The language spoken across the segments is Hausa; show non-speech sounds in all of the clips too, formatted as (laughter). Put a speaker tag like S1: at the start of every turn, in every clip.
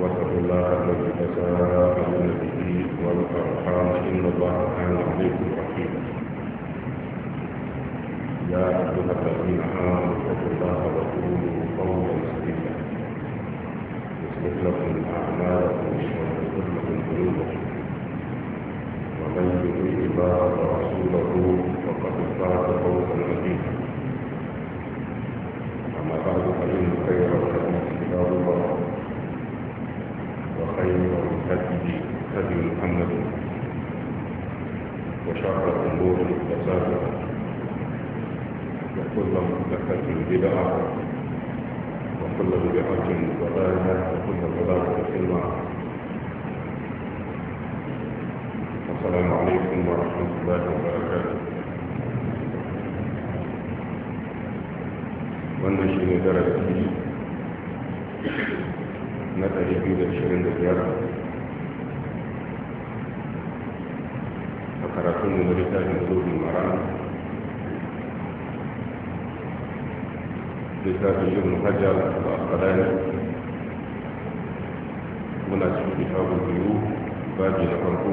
S1: واتقوا الله الذي تساءلون به والارحام ان الله كان عليكم رحيما يا ايها الذين امنوا اتقوا الله وقولوا قولا سديدا يصلح لكم اعمالكم ويغفر لكم ذنوبكم ومن يطع الله ورسوله فقد فاز فوزا عظيما اما بعد فان خير الحديث كتاب الله وخير الهدي هدي محمد وشر الأمور محدثاتها وكل محدثة بدعة وكل بدعة ضلالة وكل ضلالة في النار السلام عليكم ورحمة الله وبركاته والنشيد درجة na A karatun mu da tarihin zobin mara da tarihin yin hajjar da akadani muna cikin kitabun biyu babi na farko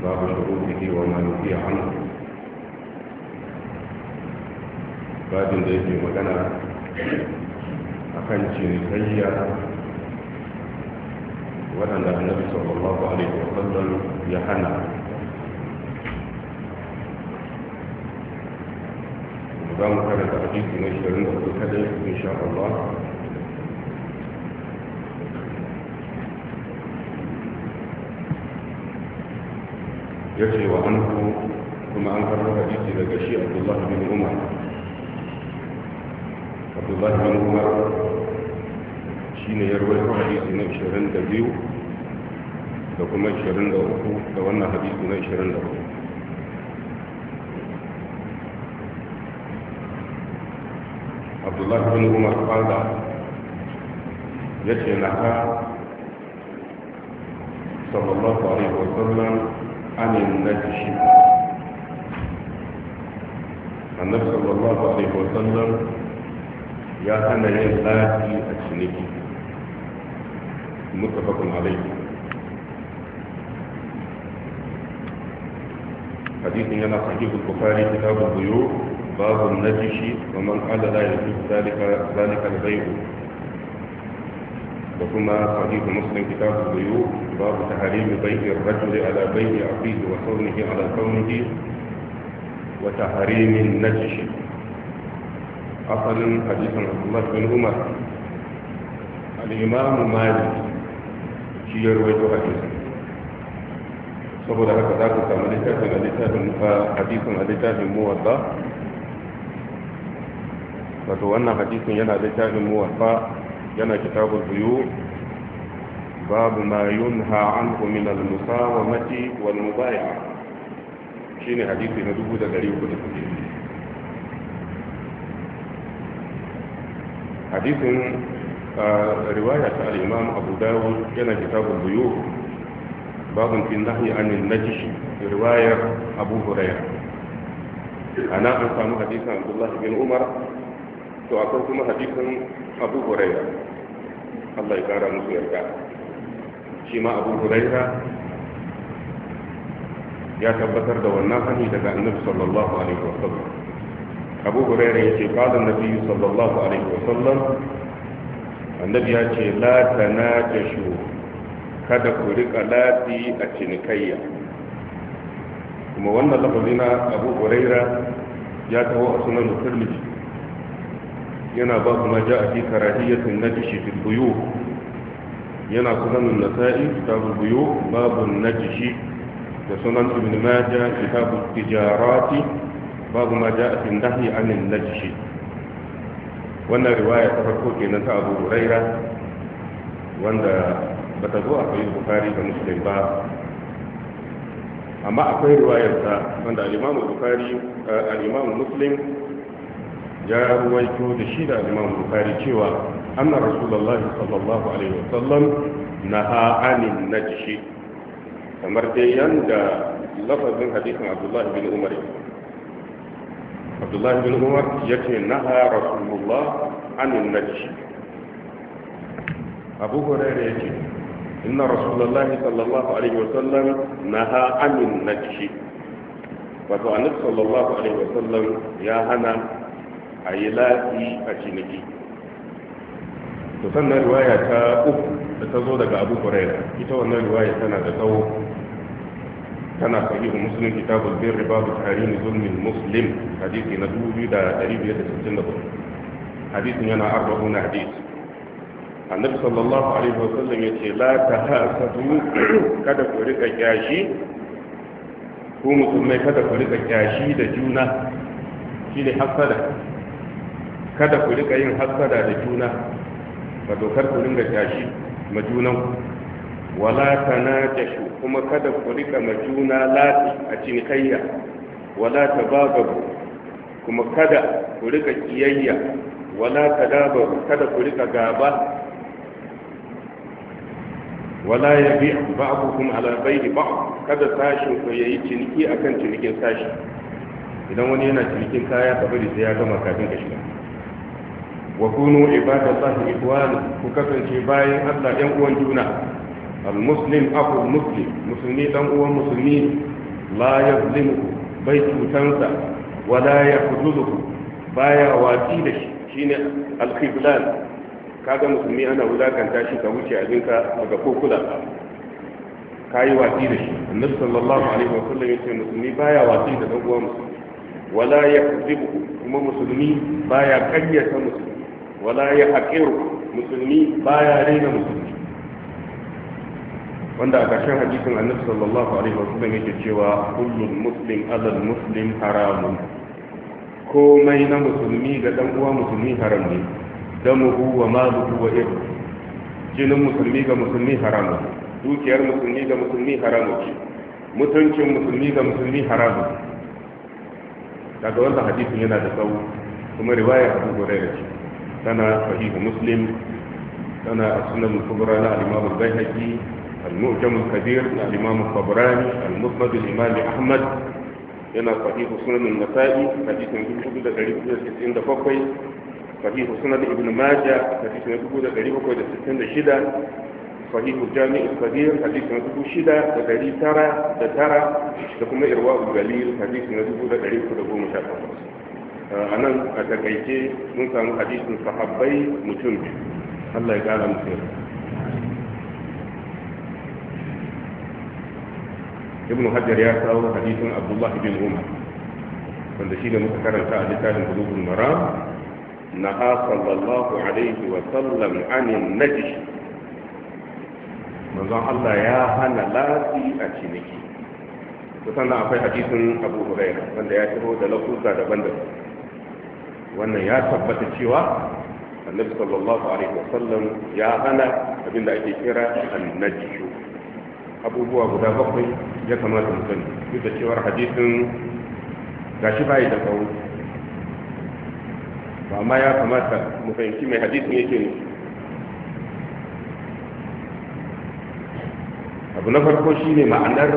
S1: babu shuru da wa manufi a hannu babin da yake magana akan cinikayya waɗanda annabi sallallahu alaihi wa sallam ya hana za mu karanta hadisi na shirin da kuka kadai insha Allah ya ce wa an kuma an karɓar hadisi daga shi abdullahi bin umar abdullah bin umar shi ne ya rawaito hadisi na 22 da kuma 23 da wannan hadisi na 24 abdullah bin umar kala ya ce na ka sallallahu alaihi wasallam anin na shi annabi sallallahu alaihi wasallam يا hana yin tsafi a ciniki mutafakun alaihi حديث ينا صحيح البخاري كتاب الضيوف باب النجش ومن قال لا يجوز ذلك ذلك البيع وكما حديث مسلم كتاب الضيوف باب تحريم بيع الرجل على بيع اخيه وكونه على كونه وتحريم النجش asalin hadisin Abdullah bin Umar al-Imam Malik shi ya rawaito hadisin saboda haka za ku samu littafin a littafin hadisin a littafin muwatta wato wannan hadisin yana littafin muwatta yana kitabul buyu babu ma yunha anhu min al-musawamati wal mubaya'a shine hadisi na 1300 hadisin riwaya ta al-imam abu dawud yana kitabul buyu babun fi nahyi anil najish riwayar abu A na an samu hadisin Abdullahi bin umar to akwai kuma hadisin abu hurairah Allah ya kara musu yarda shi ma abu hurairah ya tabbatar da wannan hani daga annabi sallallahu alaihi wasallam abu
S2: hurairah yace qala nabi sallallahu alaihi wasallam annabi ya ce la tanajashu kada ku rika lati a cinikayya kuma wannan lafazi na abu hurairah ya taho a sunan tirmidhi yana ba kuma ja'a fi karahiyatin najshi fil buyu
S1: yana sunan nasa'i kitabul buyu babun najshi da sunan ibn majah kitabut tijarati babu ma ja'a fi nahyi anin jishi. wannan riwaya ta farko kenan ta Abu Huraira wanda bata zo a kai Bukhari da Muslim ba
S2: amma akwai riwayar ta wanda al-Imam Bukhari eh, al-Imam Muslim ya ruwaito da shi da al-Imam Bukhari cewa anna Rasulullahi sallallahu alaihi wasallam naha anin najshi kamar dai yanda lafazin hadisin Abdullah bin Umar abdullahi bin umar ya ce na naha rasulullah anin naji abu hurairu ya ce inna rasulullahi sallallahu alaihi wasallam naha anin naji wato annabi sallallahu alaihi wasallam ya hana a yi lafi a
S1: ciniki to sannan riwaya ta
S2: uku da ta zo daga abu hurairu ita wannan riwaya tana da tsawo tana sahih muslim kitabul birri babu tahrim zulmin muslim hadisi na 2564 hadisin yana arba'un hadis annabi sallallahu alaihi wasallam yace la tahasadu kada ku rika kyashi ku musulmai kada ku rika kyashi da juna kada ku rika yin hasada da juna wato kar ku ringa kyashi ma junan wala tanajashu kuma kada ku rika ma juna lati a cinikayya wala ta bababu kuma kada ku rika kiyayya wala ta dababu kada ku rika gaba wala ya bi ba'dukum ala baydi ba'd kada sashin ku yayi ciniki akan cinikin sashi idan wani yana cinikin kaya ka bari sai ya gama kafin ka shiga wa kunu ibadatallahi ikhwan ku kasance bayan Allah ɗan uwan juna al-muslim aku muslim musulmi dan uwan musulmi la yazlimu bai cutansa wala yahzuzuhu baya watsi da shi shine al-khiblan kaga musulmi ana wulakanta shi ka wuce abinka daga kokula kayi watsi da shi annabi sallallahu alaihi wa sallam yace musulmi baya watsi da dan uwan musulmi wala yakzibu kuma musulmi baya kayyata musulmi wala ya haƙiru musulmi baya raina musulmi wanda a ƙarshen hadisin annabi sallallahu alaihi wasallam yake cewa kullum muslim azal muslim haramun komai na musulmi ga dan uwa musulmi haram ne damuhu wa maluhu wa iru. jinin musulmi ga musulmi haramu dukiyar musulmi ga musulmi haramu ce mutuncin musulmi ga musulmi haramu daga wannan hadisin yana da tsawo
S1: kuma riwaya abu hurairah ce tana sahihu muslim tana sunan kubra na al-imam al المؤجم الكبير الإمام الطبراني المسند
S2: الإمام أحمد هنا صحيح سنن النسائي حديث من كتب في الستين دفقي صحيح سنن ابن ماجه حديث من كتب دريب كويد الستين شدة صحيح الجامع الكبير حديث من كتب شدة دريب ترى ترى لكم إرواء الجليل حديث من كتب في كتب مشاكل آه، أنا أتكيتي من كان حديث صحابي متنبي الله يجعل خير ibn hajar ya kawo hadisin abdullah bin umar wanda shi da muka karanta a littafin bulugul na naha sallallahu alaihi wa sallam anin najish manzon Allah ya hana lafi a ciniki kusan akwai hadisin abu huraira wanda ya tiro da lafuza daban-daban wannan ya tabbata cewa annabi sallallahu alaihi sallam ya hana abinda ake kira annajishu abubuwa guda bakwai ya kamata mu sani duk da cewar hadisin gashi bayi da tsawo ba ma ya kamata mu fahimci mai hadisin yake ne abu na farko ne ma'anar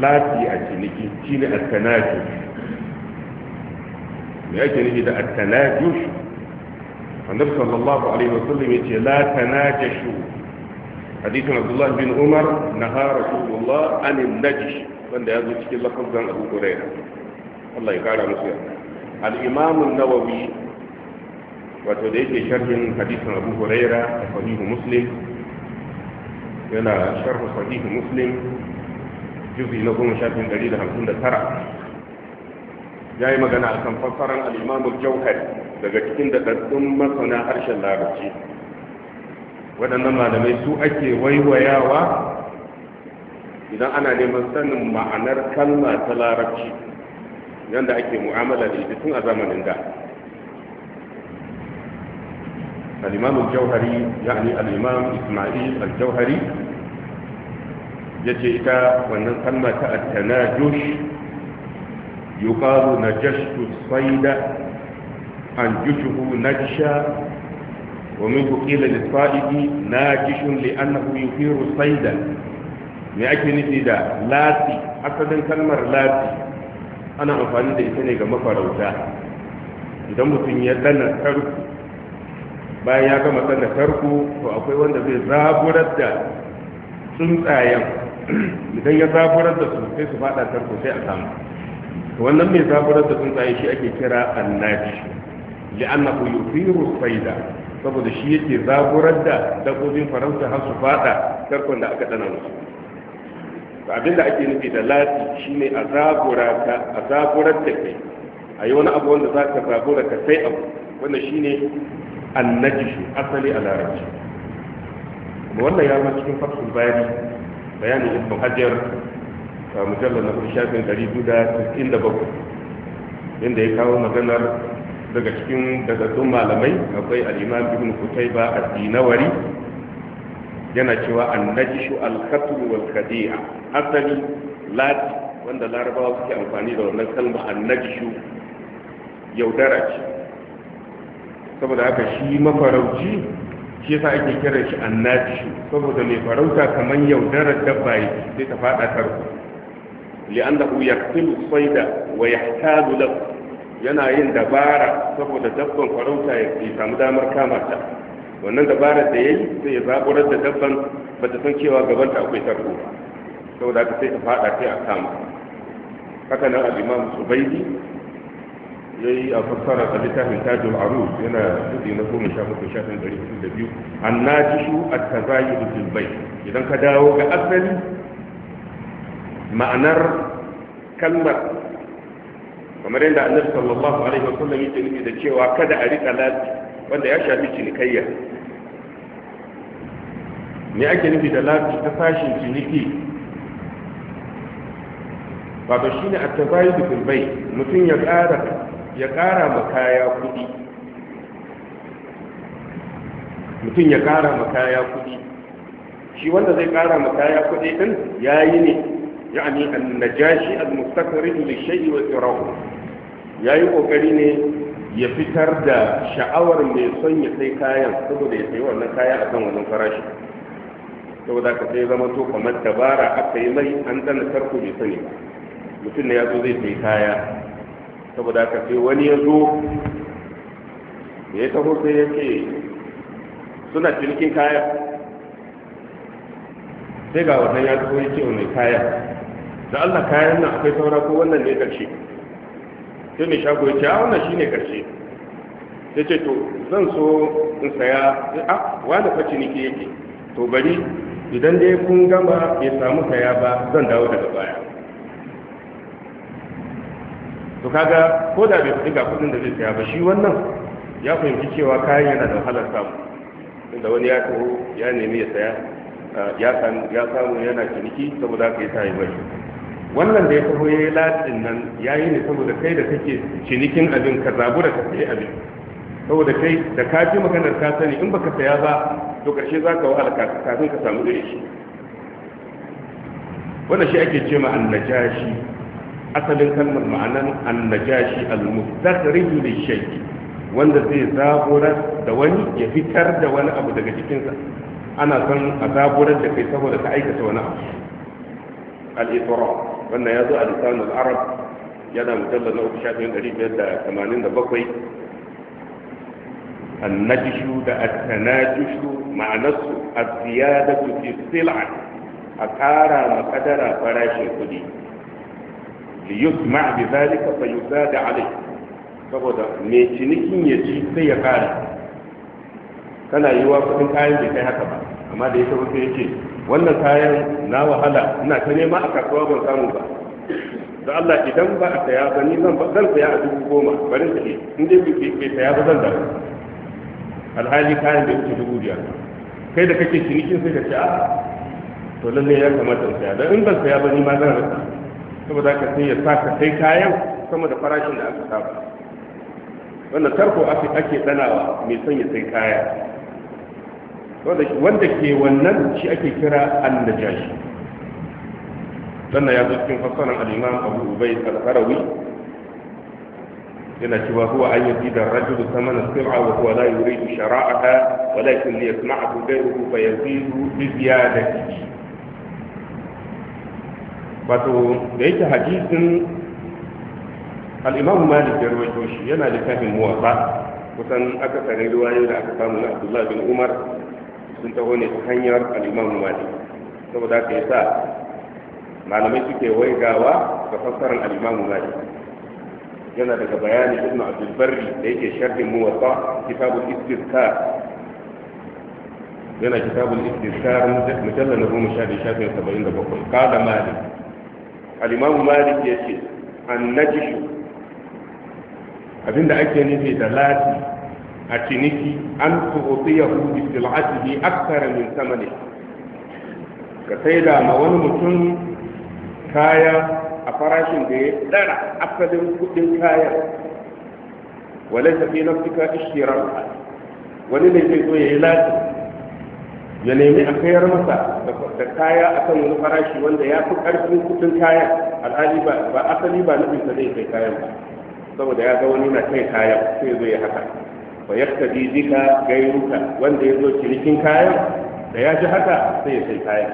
S2: lati a ciniki shi ne tanaju me yake nufi da at-tanaju annabi sallallahu alaihi wasallam yace la tanajashu hadisin abdullahi bin umar na hara rasulullah anin najish wanda ya zo cikin lafazan abu huraira Allah ya kara musu yarda al-imam nawawi wato da yake sharhin hadisin abu huraira a sahihu muslim yana sharhu sahihu muslim juzi na goma shafin dari da hamsin da tara ya yi magana a kan fassarar al'imamul jauhari daga cikin daɗaɗɗun masana harshen larabci waɗannan malamai su ake waiwayawa idan ana neman sanin ma'anar kalma ta larabci yadda ake mu'amala da ita tun a zamanin da al-imam jauhari yani al ismail al-jauhari yace ita wannan kalma ta at-tanajush yuqalu najashtu sayda an yujuhu najsha ومنه قيل للصائد ناجش لأنه يثير صيدا me ake nufi da lati asalin kalmar lati ana amfani da ita ne ga mafarauta idan mutum ya dana tarku bayan ya gama dana tarku to akwai wanda zai zaburar da tsuntsayen idan ya zaburar da su sai su fada tarko sai a samu wannan mai zaburar da tsuntsaye shi ake kira annaji li'annahu yufiru saida saboda shi yake zaburar da dabbobin faransa har su fada tarkon da aka dana musu abin da ake nufi da lati shine a a zaburar da kai a yi wani abu wanda za ka zabura ka sai abu wanda shi ne shine shi, asali a larabci wannan ya zama cikin fasul bayani bayanin ibn hajar mujallar na shafin 297 inda ya kawo maganar daga cikin dagaddun malamai akwai al'imam ibn kutaiba a dinawari yana cewa an najishu alkatru wal khadi'a asali lati wanda larabawa suke amfani da wannan kalma an najishu yaudara ce saboda haka shi mafarauci shi yasa ake kiran shi an najishu saboda mai farauta kamar yaudarar dabba sai ta fada tarko li'annahu yaqtilu sayda wa yahtadu lahu yana yin dabara saboda dabban farauta ya samu damar kama ta wannan dabarar da ya yi sai ya zaburar da dabban ba ta san cewa gabanta akwai tarko ba saboda ka sai ta fada sai a kama haka nan al'imam subaidi ya yi a fassara a littafin tajul aru yana tuzi na goma sha bakwai shafin ɗari hudu da biyu an na ji shu a tazayi rufin bai idan ka dawo ga asali ma'anar kalmar kamar yadda annabi sallallahu alaihi wa sallam yake nufi da cewa kada a rika lati wanda ya shafi cinikayya me ake nufi da lati ta sashin ciniki wato shine at-tabayyud bil bay mutum ya ƙara ya ƙara ma kaya kuɗi mutum ya ƙara ma kaya kuɗi shi wanda zai ƙara ma kaya kuɗi din yayi ne يعني النجاشي المستقرد wa وإراهه ya yi ƙoƙari ne ya fitar da sha'awar mai son ya sai kayan saboda ya sai wannan kaya a kan wannan farashi saboda ka sai zama to kamar dabara aka yi mai an dana tarko mai sani ba mutum ne ya zo zai sai kaya saboda ka sai wani ya zo ya taho sai ya ce suna cinikin kaya sai ga wannan ya zo ya ce wani kaya da allah kayan nan akwai saura ko wannan ne ƙarshe sai mai shago ya ce a ah, wannan ne karshe ya ce to zan so in saya a ah, wanda fa ciniki yake to bari idan dai kun gama ya samu saya ba zan dawo daga baya to kaga ko da bai fi ga kudin da zai saya ba shi wannan ya fahimci cewa kayan yana da wahalar samu inda wani ya taho ya nemi ya saya ya samu yana ciniki saboda ka yi sa yi bari wannan da ya taho ya yi latsin nan ya yi ne saboda kai da kake cinikin abin ka zabu da ka sayi abin saboda kai da ka fi maganar ka sani in baka saya ba to karshe za ka wahala kafin ka samu irin shi wannan shi ake ce ma annajashi asalin kalmar ma'anan annajashi al-mustakhrij li shay'i wanda zai zaburar da wani ya fitar da wani abu daga jikinsa ana son a zaburar da kai saboda ka aikata wani abu al-itrar wannan ya zo a lisanul arab yana mujallar na uku shafin ɗari biyar da tamanin da bakwai annajishu da attanajishu ma'anarsu a da su fi sila a kara makadara farashin kuɗi liyusma bi zalika fa yuzada alai saboda mai cinikin ya ci sai ya ƙara kana yiwa kuɗin kayan da kai haka ba amma da ya tabbata ya ce wannan kayan na wahala ina ta nema a kasuwa ban samu ba da Allah idan ba a saya ba ni zan zan saya a dubu goma bari ta ce in dai bai saya ba zan da alhali kayan da yake dubu biyar kai da kake cinikin sai ka ce a ah, to lalle ya kamata in saya dan in ban saya ba ni ma zan rasa saboda ka sai ya sa ka sai kayan sama da farashin da aka saba wannan tarko ake ake danawa mai son ya sai kaya wanda ke wannan shi ake kira annajashi sannan ya zo cikin fassarar al'imam abu ubai al-harawi yana cewa huwa an yi da rajulu sama na sir'a wa huwa la yuridu shara'aha walakin li yasma'ahu ghayruhu fa yazidu bi ziyadati wato da yake hadisin al-imam malik ya rawaito shi yana littafin muwatta kusan aka akasarin riwayoyi da aka samu na abdullahi bin umar sun taho ne ta hanyar al'imamu malik saboda yi sa, malamai suke waigawa ga fassarar al'imamu malik yana daga bayani ibn abdul barri da yake sharhin muwatta kitabul istizkar yana kitabul istizkar mujallal na goma sha biyu shafin saba'in da bakwai kada malik al'imamu malik ya ce an najishu abinda ake nufi da lati a ciniki an tu'tiyahu bi sil'atihi akthara min thamani ka saida ma wani mutum kaya a farashin da ya dara asalin kudin kaya wale ta fi nafsika ishirar wani ne zai zo ya yi lati ya nemi a kayar masa da kaya akan wani farashi wanda ya fi karfin kudin kaya al'adi ba asali ba na sa zai kai kayan ba saboda ya ga wani na kai kaya, sai zai haka wa ya tafi gairuka wanda ya zo cinikin kayan da ya ji haka sai ya sai kayan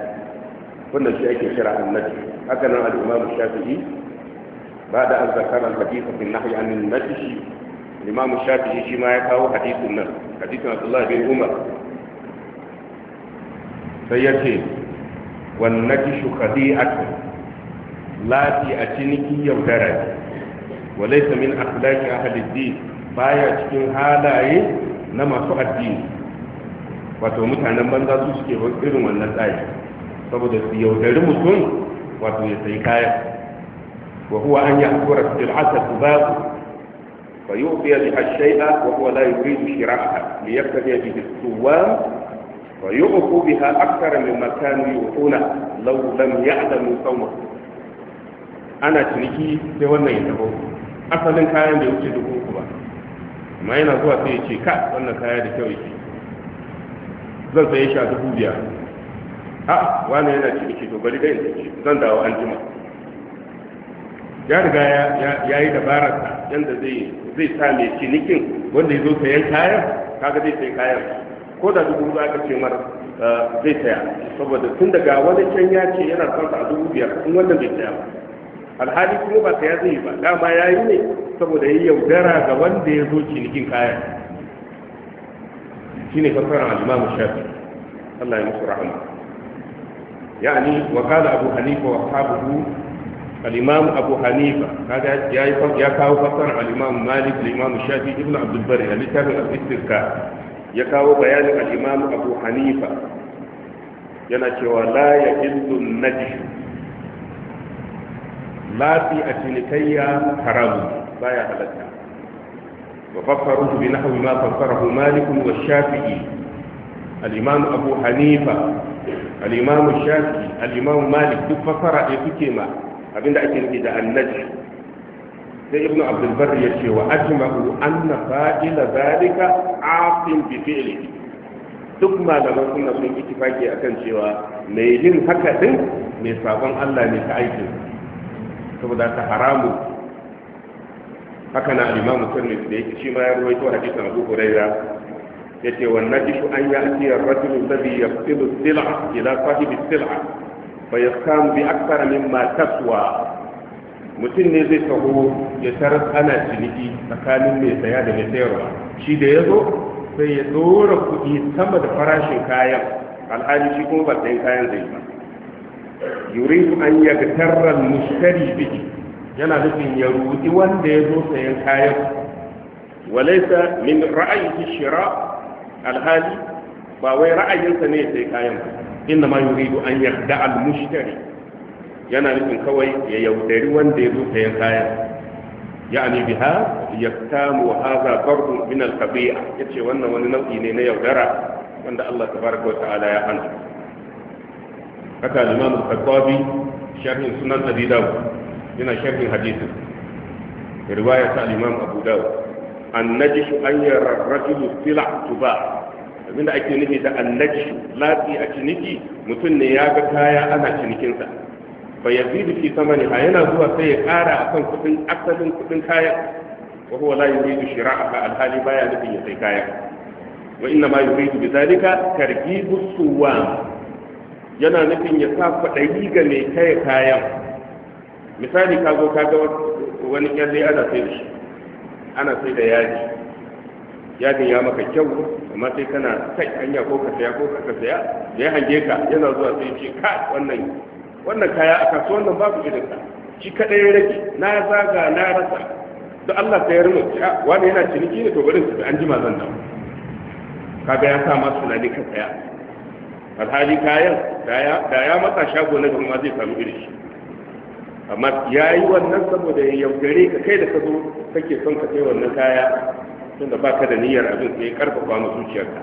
S2: wanda shi ake kira annabi haka nan al'imam shafi'i ba da an zakar al-hadisa fi nahyi an annabi shi imam shafi'i shi ya kawo hadisin nan hadisin abdullah bin umar sai ya ce wannan shi qadi'atu lati a ciniki yaudara ولا يسمين أخلاق أهل الدين baya cikin halaye na masu addini wato mutanen banza su suke irin wannan tsari saboda su yaudari mutum wato ya sai kayan wa huwa an ya hakura fil asad tubabu fa yu'ti bi ash-shay'a wa huwa la yuridu shira'aha li yaktabi bihi as-suwam wa yu'qu mai akthar mimma kanu yu'tuna law lam ya'lamu sawma ana ciniki sai wannan ya taho asalin kayan da ya wuce dubu amma yana zuwa sai ya ce ka wannan kaya da kyau yake zan saye shi a dubu biyar a wani yana ke to bari dai in zan dawo an jima ya riga ya yi ta yadda zai sa mai cinikin wanda ya zo sayan kayan kaga zai sayi kayan ko da dubu za ka ce mar eh, zai saya saboda tun daga wani can ya ce yana son a dubu biyar in wannan bai saya ba alhali kuma ba ya zai ba dama ya yi ne saboda ya yaudara ga wanda ya zo cinikin kaya shi ne fassara al'imamu shafi Allah ya musu rahama yani wa kala abu hanifa wa sahabu al'imamu abu hanifa kaga ya ya kawo fassara al'imamu malik al'imamu shafi ibn abdul bari a littafin al-istirka ya kawo bayanin al'imamu abu hanifa yana cewa la ya illu najishu lafi a cinikayya haramu baya halatta wa fassaruhu bi nahwi ma hu? malik wa shafi'i al-imam abu hanifa al-imam shafi'i al-imam malik duk fassara ya suke ma abinda ake nufi da annaji sai ibnu abdul barr ya ce wa ajma'u anna fa'ila zalika aqim bi fi'lihi duk malaman sunna sun ittifaki akan cewa mai yin haka din mai sabon Allah ne ta aikin saboda ta haramu haka na al-imam da yake shi ma ya rawaito hadisin abu ya yace wannan najishu an ya'ti ar-rajul alladhi yaqtilu as-sil'a ila sahibi as-sil'a fa yaskamu bi akthara mimma taswa mutum ne zai taho ya tarar ana ciniki tsakanin mai saya da mai sayarwa shi da ya zo sai ya dora kuɗi sama da farashin kayan alhali shi kuma ba sayan kayan zai ba yuridu an yagtarra mushtari bihi yana nufin ya rudi wanda ya zo sayan kayan walaisa min ra'ayi shira alhali ba wai ra'ayinsa ne ya sai kayan ba inna ma yuridu an yarda al mushtari yana nufin kawai ya yaudari wanda ya zo sayan kayan yani biha yaktamu hadha fardu min al khabi'a yace wannan wani nau'i ne na yaudara wanda Allah tabaraka wa ta'ala ya hana haka al-imam al-qattabi sharhin sunan abi dawud yana sharhin hadisin riwaya ta al abu dawud annajish an yara rajulu sila tuba abinda ake nufi da annajish lafi a ciniki mutum ne ya ga kaya ana cinikinsa fa yazidu fi ne, ha yana zuwa sai ya kara akan kudin asalin kudin kaya wa huwa la yuridu shira'aha alhali baya nufin ya sai kaya wa inna ma yuridu bidhalika targhibu suwam yana nufin ya sa kwaɗayi ga mai kaya kayan misali ka zo ka ga wani kyalle ana sai da shi ana sai da yaji yajin ya maka kyau amma sai kana kai hanya ko ka saya ko ka saya da ya hange ka yana zuwa sai ce ka wannan wannan kaya a kasuwan nan babu irin ka shi kaɗai ya rage na zaga na rasa da Allah sai ya rumu ya ah, wani yana ciniki ne to barin su an jima zan dawo kaga ya sa masu tunani ka saya alhali kayan da ya matsa shago na gama zai samu iri shi amma ya yi wannan saboda ya yaudare ka kai da ka zo kake son ka kai wannan kaya tunda baka da niyyar abin sai karfafa mu zuciyarka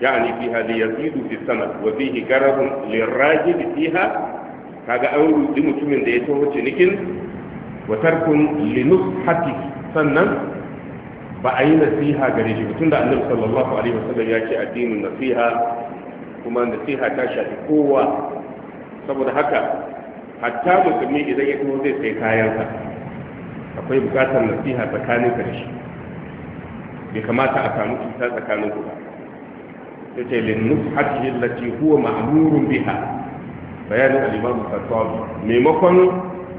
S2: yani fi hadi yazidu fi sanad wa fihi garabun lirajil fiha kaga an rudi mutumin da ya taho cinikin wa tarkun linushati sannan ba a yi nasiha gare shi tunda annabi sallallahu alaihi wasallam ya ce addinin nasiha kuma nasiha ta shafi kowa saboda haka hatta musulmi idan ya kuma zai sai kayansa akwai bukatar nasiha tsakanin ka da shi bai kamata a samu cuta tsakanin ku ba ta ce lin nus'ati lati huwa ma'amurun biha bayanin al-imam Maimakon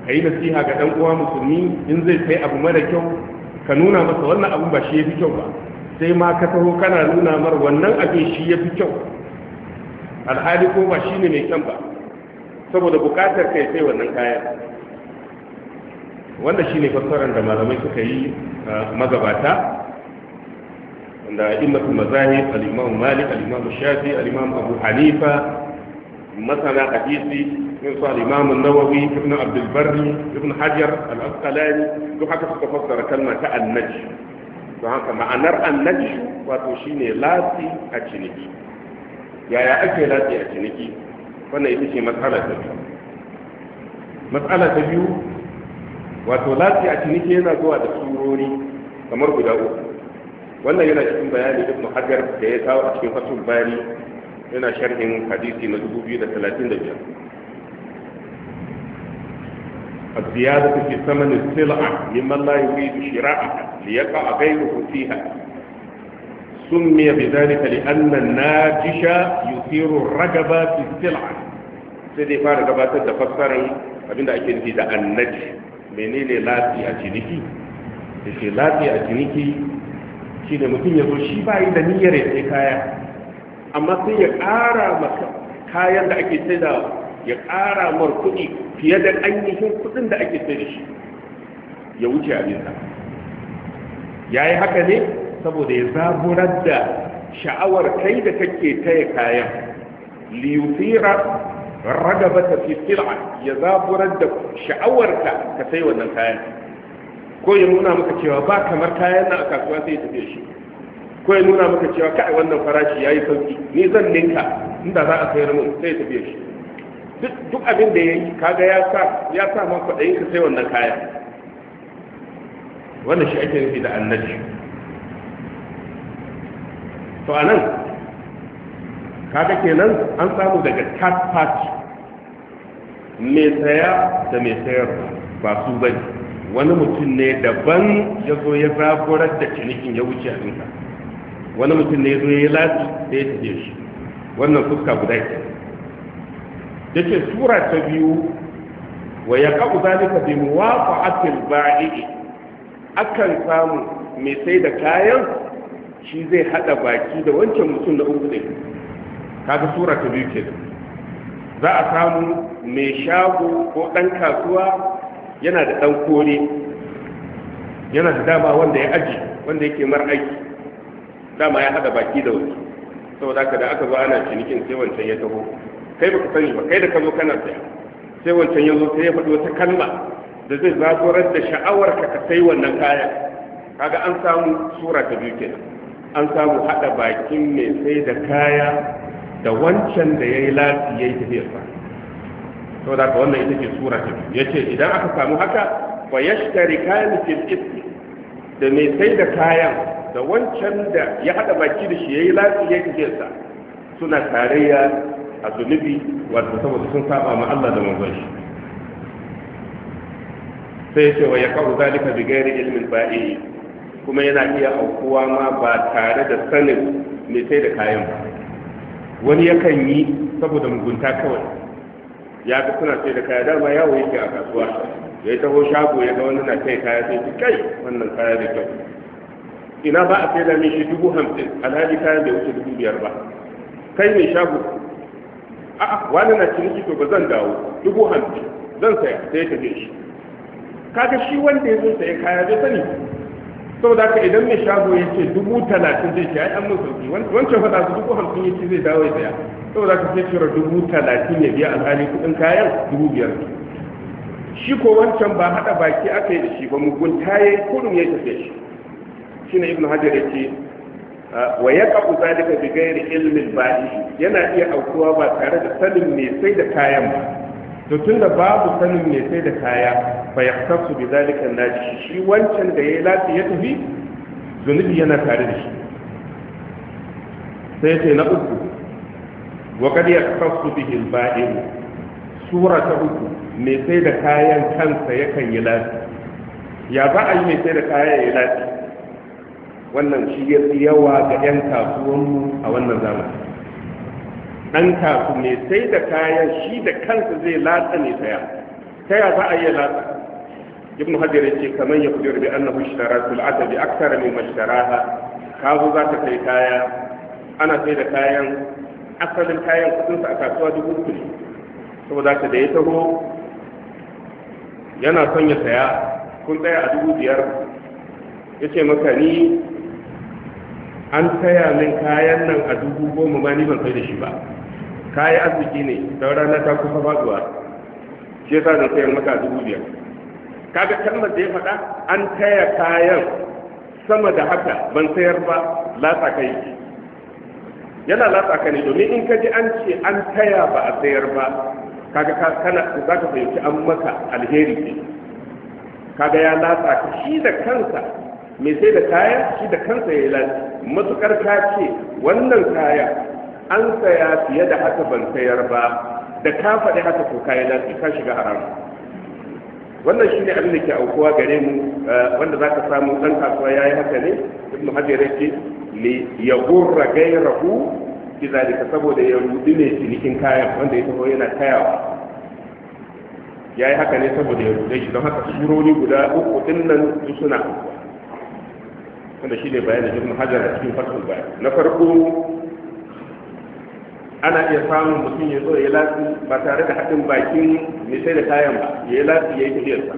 S2: ka yi nasiha ga dan uwa musulmi in zai sai abu mara kyau ka nuna masa wannan abun ba shi ya fi kyau ba sai ma ka taho kana nuna mar wannan abin shi ya fi kyau alhali kuma shi ne mai kyan ba saboda bukatar kai sai wannan kaya wanda shi ne fassarar da malamai suka yi magabata wanda immatul mazahi al-imam malik al-imam shafi al-imam abu hanifa masana hadisi من صار الإمام النووي ابن عبد البر ابن حجر الأسقلاني duk haka suka fassara kalma ta annaji don haka ma'anar annaji wato shine lati a ciniki yaya ake latsi a ciniki wannan ita ce matsala ta biyu matsala ta biyu wato latsi a ciniki yana zuwa da surori kamar guda uku wannan yana cikin bayani ibn hajar da ya kawo a cikin fasul bari yana sharhin hadisi na 2035 الزيادة في ثمن السلعة ممن لا ya شراءها a غيره فيها سمي بذلك لأن الناجش يثير الرغبة في السلعة سيدي فارغ gabatar da fassarar abinda ake nufi da annaji menene lati ciniki da ke lati ciniki shi da mutum ya zo shi bayi da niyyar ya sai kaya amma sai ya ƙara maka kayan da ake sai da ya ƙara mar kuɗi fiye da ainihin kuɗin da ake shi ya wuce ya yi haka ne saboda ya zaburar da sha'awar kai da kake taya kayan liyutira ta fi sil'a ya zaburar da sha'awarka ka sai wannan kayan ko ya nuna maka cewa ba kamar kayan na a kasuwa sai ya tafi shi ko ya nuna maka cewa kai wannan farashi ya yi sauki ni zan ninka inda za a sayar mun sai ya tafi shi duk abin da yi kaga ya sa ya sa man kwaɗayin ka sai wannan kayan wannan shi ake nufi da annabi to a nan kaga kenan an samu daga cat party mai saya da mai sayarwa ba su bai wani mutum ne daban ya zo ya zaburar da cinikin ya wuce abinka wani mutum ne ya zo ya yi lati da ya tafiye shi wannan fuska guda ke da ke tura ta biyu wa ya kaɓu zalika bi muwafa atil ba'i akan samu mai sai da kayan shi zai hada baki da wancan mutum na uku ɗin kaga sura ta biyu ke za a samu mai shago ko ɗan kasuwa yana da dan kore yana da dama wanda ya aji wanda yake mar aiki dama ya hada baki da wani saboda haka da aka zo ana cinikin sai wancan ya taho kai baka sani ba kai da ka zo kana saya sai wancan ya zo sai ya faɗi wata kalma da zai zagorar da sha'awar ka ka sai wannan kaya kaga an samu sura ta biyu kenan an samu haɗa bakin mai sai da kaya da wancan da ya yi lafi ya yi fa. sau da wannan ita ce sura ta ya ce idan aka samu haka wa ya shigari kayan da mai sai da kayan da wancan da ya haɗa baki da shi ya yi lafi ya yi tafiyarsa suna tarayya a zunubi wato saboda sun saba ma Allah da manzon shi sai ya ce wa ya kawo zalika bi gairi ilmin ba'i kuma yana iya aukuwa ma ba tare da sanin mai sai da kayan ba wani yakan yi saboda mugunta kawai ya ga suna sai da kaya dama yawo yake a kasuwa ya yi taho shago ya ga wani na kai kaya sai su kai wannan kaya da kyau ina ba a sai da mishi dubu hamsin alhali kayan da wuce dubu biyar ba kai mai shago a'a wani na ciniki to ba zan dawo dubu hamsin zan saya sai ka je shi kaga shi wanda ya zo sayan kaya zai sani saboda haka idan mai shago ya ce dubu talatin zai ce ai an mun sauki wancan faɗa su dubu hamsin ya ce zai dawo ya saya saboda haka sai cire dubu talatin ya biya alhali kuɗin kayan dubu biyar shi ko wancan ba haɗa baki aka yi da shi ba mugun ya yi kurin ya tafiya shi shi ne ibn hajar ya ce ah, wa ya ƙafu zalika bi gairi ilmin ba'i yana iya aukuwa ba tare da sanin mai sai da kayan ba to tunda babu sanin mai sai da kaya fa yaqtasu bi zalika naji shi wancan da yayi lafi ya tafi zunubi yana tare da shi sai sai na uku wa kad yaqtasu bihi al-ba'in sura ta uku mai sai da kayan kansa yakan yi lafi ya ba a yi mai sai da kaya yayi lafi wannan shi ya yawa ga 'yan kasuwanmu a wannan zamani dan kasu mai sai da kayan shi da kansa zai latsa ne taya, taya za a iya latsa ibn hajar yake kaman ya kudur bi annahu ishtara sul adabi akthara min mashtaraha ka zo za ka kai kaya ana sai da kayan asalin kayan kudin sa a kasuwa dubu kudi saboda ka da ya taho yana son ya saya kun tsaya a dubu biyar ya ce maka ni an taya min kayan nan a dubu goma ba ni ban sai da shi ba kayi arziki ne don rana ta kusa faduwa shi yasa da sayar maka dubu biyar kaga kalmar da ya faɗa an taya kayan sama da haka ban sayar ba latsa kai yana latsa ka ne domin in ka ji an ce an taya ba a sayar ba kaga kana za ka fahimci an maka alheri ne kaga ya latsa ka shi da kansa mai sai da kaya shi da kansa ya yi latsa matukar ka ce wannan kaya an saya fiye da haka ban sayar ba da ka faɗi haka ko kayi lafi ka shiga haram wannan shi ne abin da ke aukuwa gare mu eh, wanda za ka samu ɗan kasuwa ya yi haka ne ibn hajar ce li ya gurra ki zalika saboda ya rudi ne cinikin kayan wanda ya taho yana tayawa ya yi haka ne saboda ya rudi shi don haka surori guda uku din nan su suna wanda shi ne bayan da jirgin a cikin fasul bayan na farko ana iya samun mutum ya zo ya lafi ba tare da haɗin bakin mai sai da kayan ba ya yi lafi ya yi tafiyarsa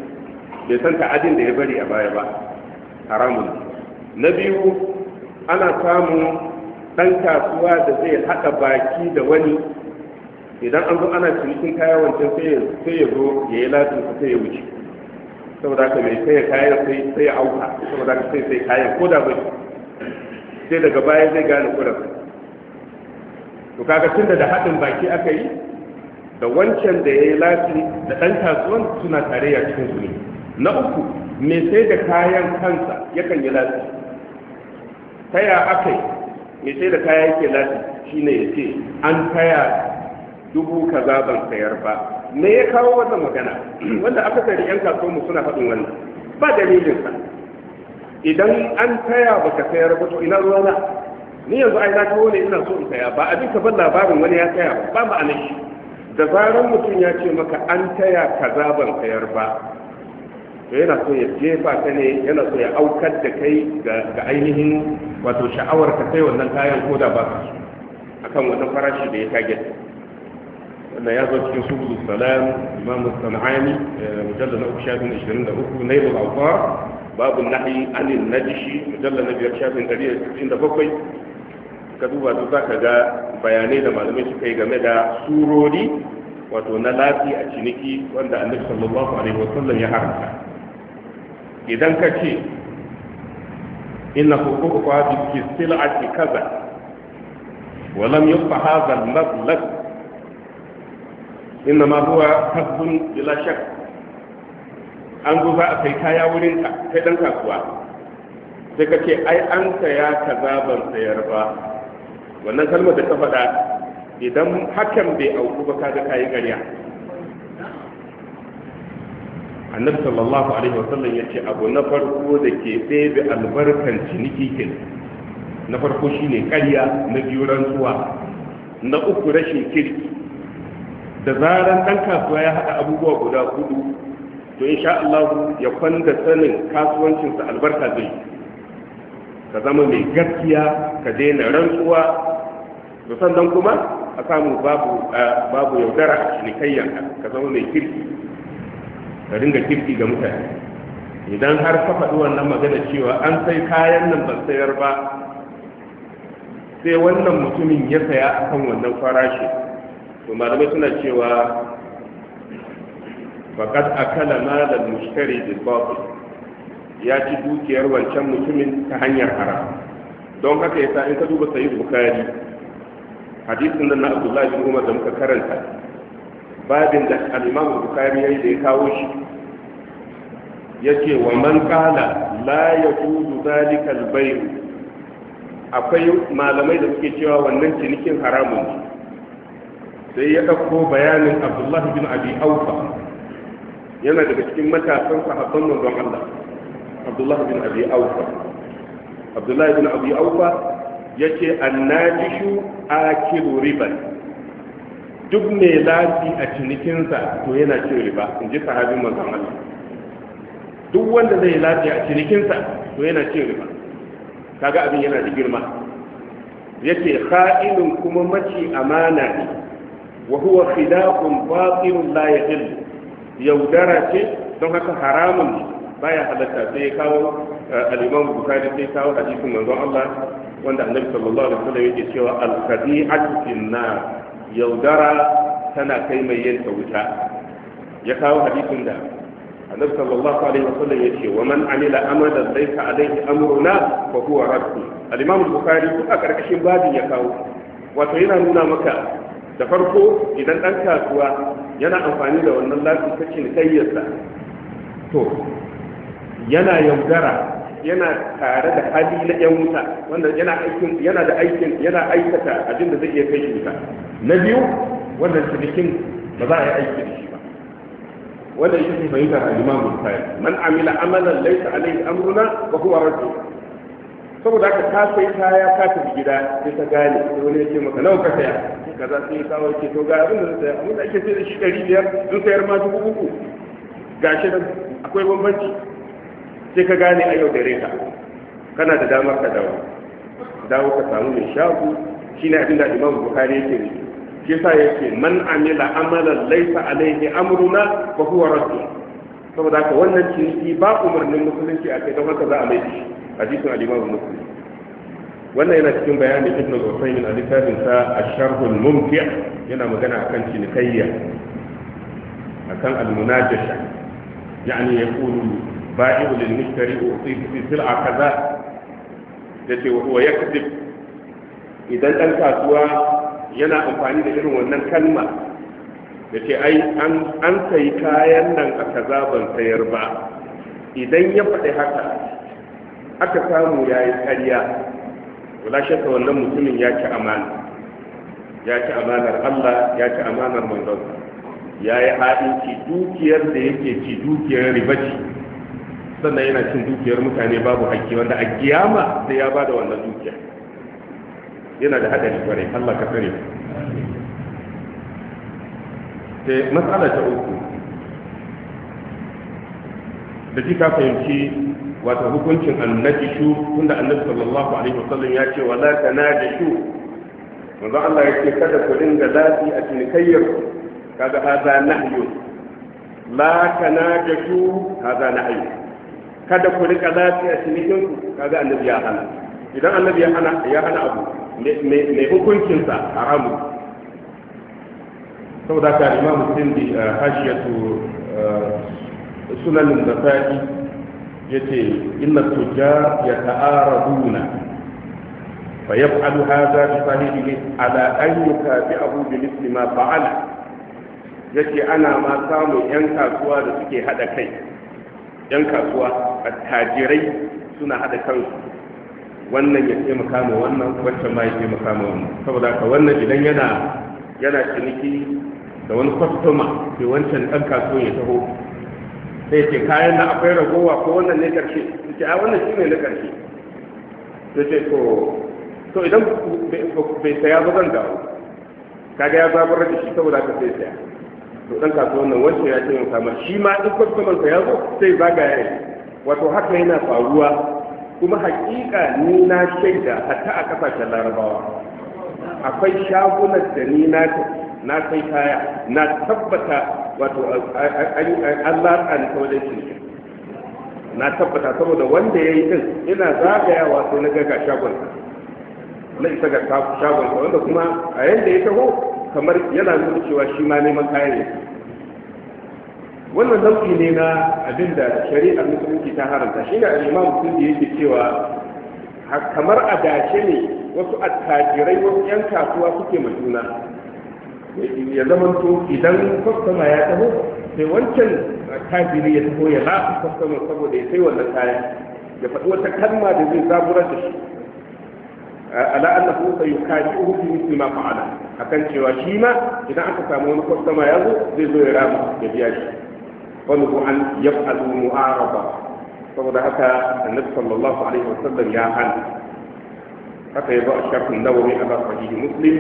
S2: bai san ta'adin da ya bari a baya ba haramun na biyu ana samun ɗan kasuwa da zai haɗa baki da wani
S1: idan an zo ana cinikin
S2: kaya wancan sai ya zo ya yi latsi sai ya wuce saboda haka mai sai kayan sai ya auka saboda haka sai sai kayan ko da bai sai daga baya zai gane kuransa to kaga tunda da haɗin baki aka yi da wancan da ya yi lati da ɗan kasuwan suna tarayya cikin su ne na uku me sai da kayan kansa yakan yi lati ta aka yi me sai da kaya yake lati shine ya ce an taya dubu kaza ban sayar ba me ya kawo wannan magana (clears throat) wanda aka sani yan mu suna faɗin wannan ba dalilinsa idan an taya baka sayar ba to ina ruwana ni yanzu ai na kawo ne ina so in saya ba abin ka ban labarin wani ya saya ba ba ma'anar shi da zarar mutum ya ce maka an taya kaza ban sayar ba to yana so ya jefa ka ne yana so ya aukar da kai ga ainihin wato sha'awar ka kai wannan kayan ko da ba ka so akan wannan farashi da ya kage Wannan ya zo cikin subul salam imamu sanani eh, mujalla na uku shafin ashirin da uku na yau babu nahi anin najishi mujalla na biyar shafin ɗari da bakwai ka duba za ka ga bayanai da malamai suka yi game da surori wato na lafi a ciniki wanda annabi sallallahu alaihi sallam ya haramta idan ka ce inna huquqa bi sil'ati kaza wa lam yufa hadha al-mablag inna ma huwa kasbun bila shak an zo za a kai kaya wurin ka kai dan kasuwa sai ka ce ai an saya kaza ban sayar ba wannan kalmar da ta faɗa idan hakan bai auku ba kaga kayi ƙarya annabi sallallahu alaihi wasallam ya ce abu na farko da ke ɗebe albarkan ciniki ke na farko shine ƙarya na biyu rantsuwa na uku rashin kirki da zaran ɗan kasuwa ya haɗa abubuwa guda hudu to insha Allah ya kwanda sanin kasuwancinsa albarka zai ka zama mai gaskiya ka daina rantsuwa to sannan kuma a samu babu babu yaudara a cinikayyanka ka zama mai kirki ka dinga kirki ga mutane idan har ka faɗi wannan magana cewa an sai kayan nan ban sayar ba sai wannan mutumin ya saya akan wannan farashi to malamai suna cewa faqad akala malal mushtari bil batil ya ci dukiyar wancan mutumin ta hanyar haram don haka ya sa in ka duba Sayyid Bukari? hadisin nan na abdullahi bin umar da muka karanta babin da al-imam bukhari yayi da ya kawo shi yace wa man qala la yajuzu zalika al-bay' akwai malamai da suke cewa wannan cinikin haramun ne sai ya dauko bayanin abdullahi bin abi aufa yana daga cikin matasan sahabban manzon Allah abdullahi bin abi aufa abdullahi bin abi aufa yace annajishu akilu riban duk ne lafi a cinikinsa to yana cin riba in ji sahabin manzon Allah duk wanda zai lafi a cinikinsa to yana cin riba kaga abin yana da girma ce kha'ilun kuma maci amana ne wa huwa khidaqun batilun la yahill yaudara ce don haka haramun ne baya halatta sai ya kawo eh, al-Imam Bukhari sai ya kawo hadisin manzon Allah wanda Annabi sallallahu alaihi wasallam yake cewa al-khadi'atu fin yaudara tana kai mai yanta wuta ya kawo hadisin da Annabi sallallahu alaihi wasallam ce, wa man amila amalan laysa alaihi amruna fa huwa raddu al-Imam Bukhari duk a karkashin babin ya kawo wato yana nuna maka da farko idan ɗan kasuwa yana amfani da wannan lafi ta cinikayyarsa to yana yaudara yana tare da hali na yan wuta wanda yana aikin yana da aikin yana aikata abin da zai iya kai wuta na biyu wannan cikin ba za a yi aiki da shi ba wanda shi ne fahimta a limamu sayan man amila amalan laisa alaihi amruna wa huwa rajul saboda haka ka sai kaya ka tafi gida sai ta gane sai wani ya ce maka nawa ka saya sai kaza sai ya kawo ke to ga abin da saya abin da ake sai da shi ɗari biyar sun sayar ma dubu uku gashi da akwai bambanci sai ka gane a yau dare ka kana da damar ka dawo dawo ka samu mai Shi shine abin da Imam bukari yake ne shi yasa yake man amila amalan a alaihi amruna fa huwa radd saboda haka wannan ciniki ba umarnin musulunci a kai don haka za a mai shi a al-Imam wannan yana cikin bayani Ibn Uthaymeen a littafin sa Ash-Sharh al-Mumti' yana magana akan cinikayya akan al-munajasha yani yaqulu ba'i'u lil mushtari usifu fi sil'a kaza yace wa huwa yakdib idan dan kasuwa yana amfani da irin wannan kalma yace ai an an sai kayan nan a kaza ban sayar ba idan ya faɗi haka aka samu yayi ƙarya wala shakka wannan mutumin ya ci amana ya ci amanar Allah ya ci amanar manzon ya yi haɗinci dukiyar da yake ci dukiyar riba ce sannan yana cin dukiyar mutane babu haƙƙi wanda a kiyama sai ya bada wannan dukiya yana da haɗari kware, Allah ka tsare sai matsala ta uku da ji ka fahimci wata hukuncin annabi shu tunda annabi sallallahu alaihi wasallam ya ce wala shu? manzo Allah ya ce kada ku dinga zafi a cinikayyar kaga hada nahyu la shu hada nahyu kada ku rika lafiya cinikin ku kaga annabi ya hana idan annabi ya hana ya hana abu mai hukuncin sa haramu saboda ka imam muslim bi eh, hashiyatu eh, sunan nasa'i yace inna ya yata'araduna fa yaf'alu hadha bi sahibihi ala an yukafi'ahu bi mithli ma fa'ala yace ana ma samun yan kasuwa da suke hada kai yan kasuwa attajirai suna hada kansu wannan ya taimaka ma wannan wancan ma ya taimaka ma wannan saboda ka wannan idan yana yana ciniki da wani kwastoma sai wancan dan kasuwan ya taho sai ce kayan na akwai ragowa ko wannan ne karshe ce a wannan shi ne na karshe Su ce to to idan bai saya ba zan dawo kaga ya zabar da shi saboda ka sai saya to dan kasu nan wancan ya ce maka shi ma duk kwastaman ka ya zo sai ga ya wato haka yana faruwa kuma hakika ni na shaida hatta a kasashen larabawa akwai shagunan da ni na na kai kaya na tabbata wato an latsa ta wajen ciniki na tabbata saboda wanda ya yi din ina zagayawa sai na ga shagon na isa ga shagon wanda kuma a yanda ya taho kamar yana nuna cewa shi ma neman yake wannan nau'i ne na abinda shari'ar musulunci ta haramta shi ne a imam da yake cewa kamar a dace ne wasu attajirai wasu 'yan kasuwa suke ma ya zama to idan kwastama ya taho sai wancan tajiri ya taho ya lafi kwastama saboda ya sai wannan kayan ya faɗi wata kalma da zai zaburar da shi ala annahu sayukajihu fi mithli ma fa'ala akan cewa shi ma idan aka samu wani kwastama ya zo zai zo ya rama ya biya shi wani ko an yaf'alu mu'araba saboda haka annabi sallallahu alaihi wasallam ya hana haka ya zo a shafin nawawi ala sahihi muslim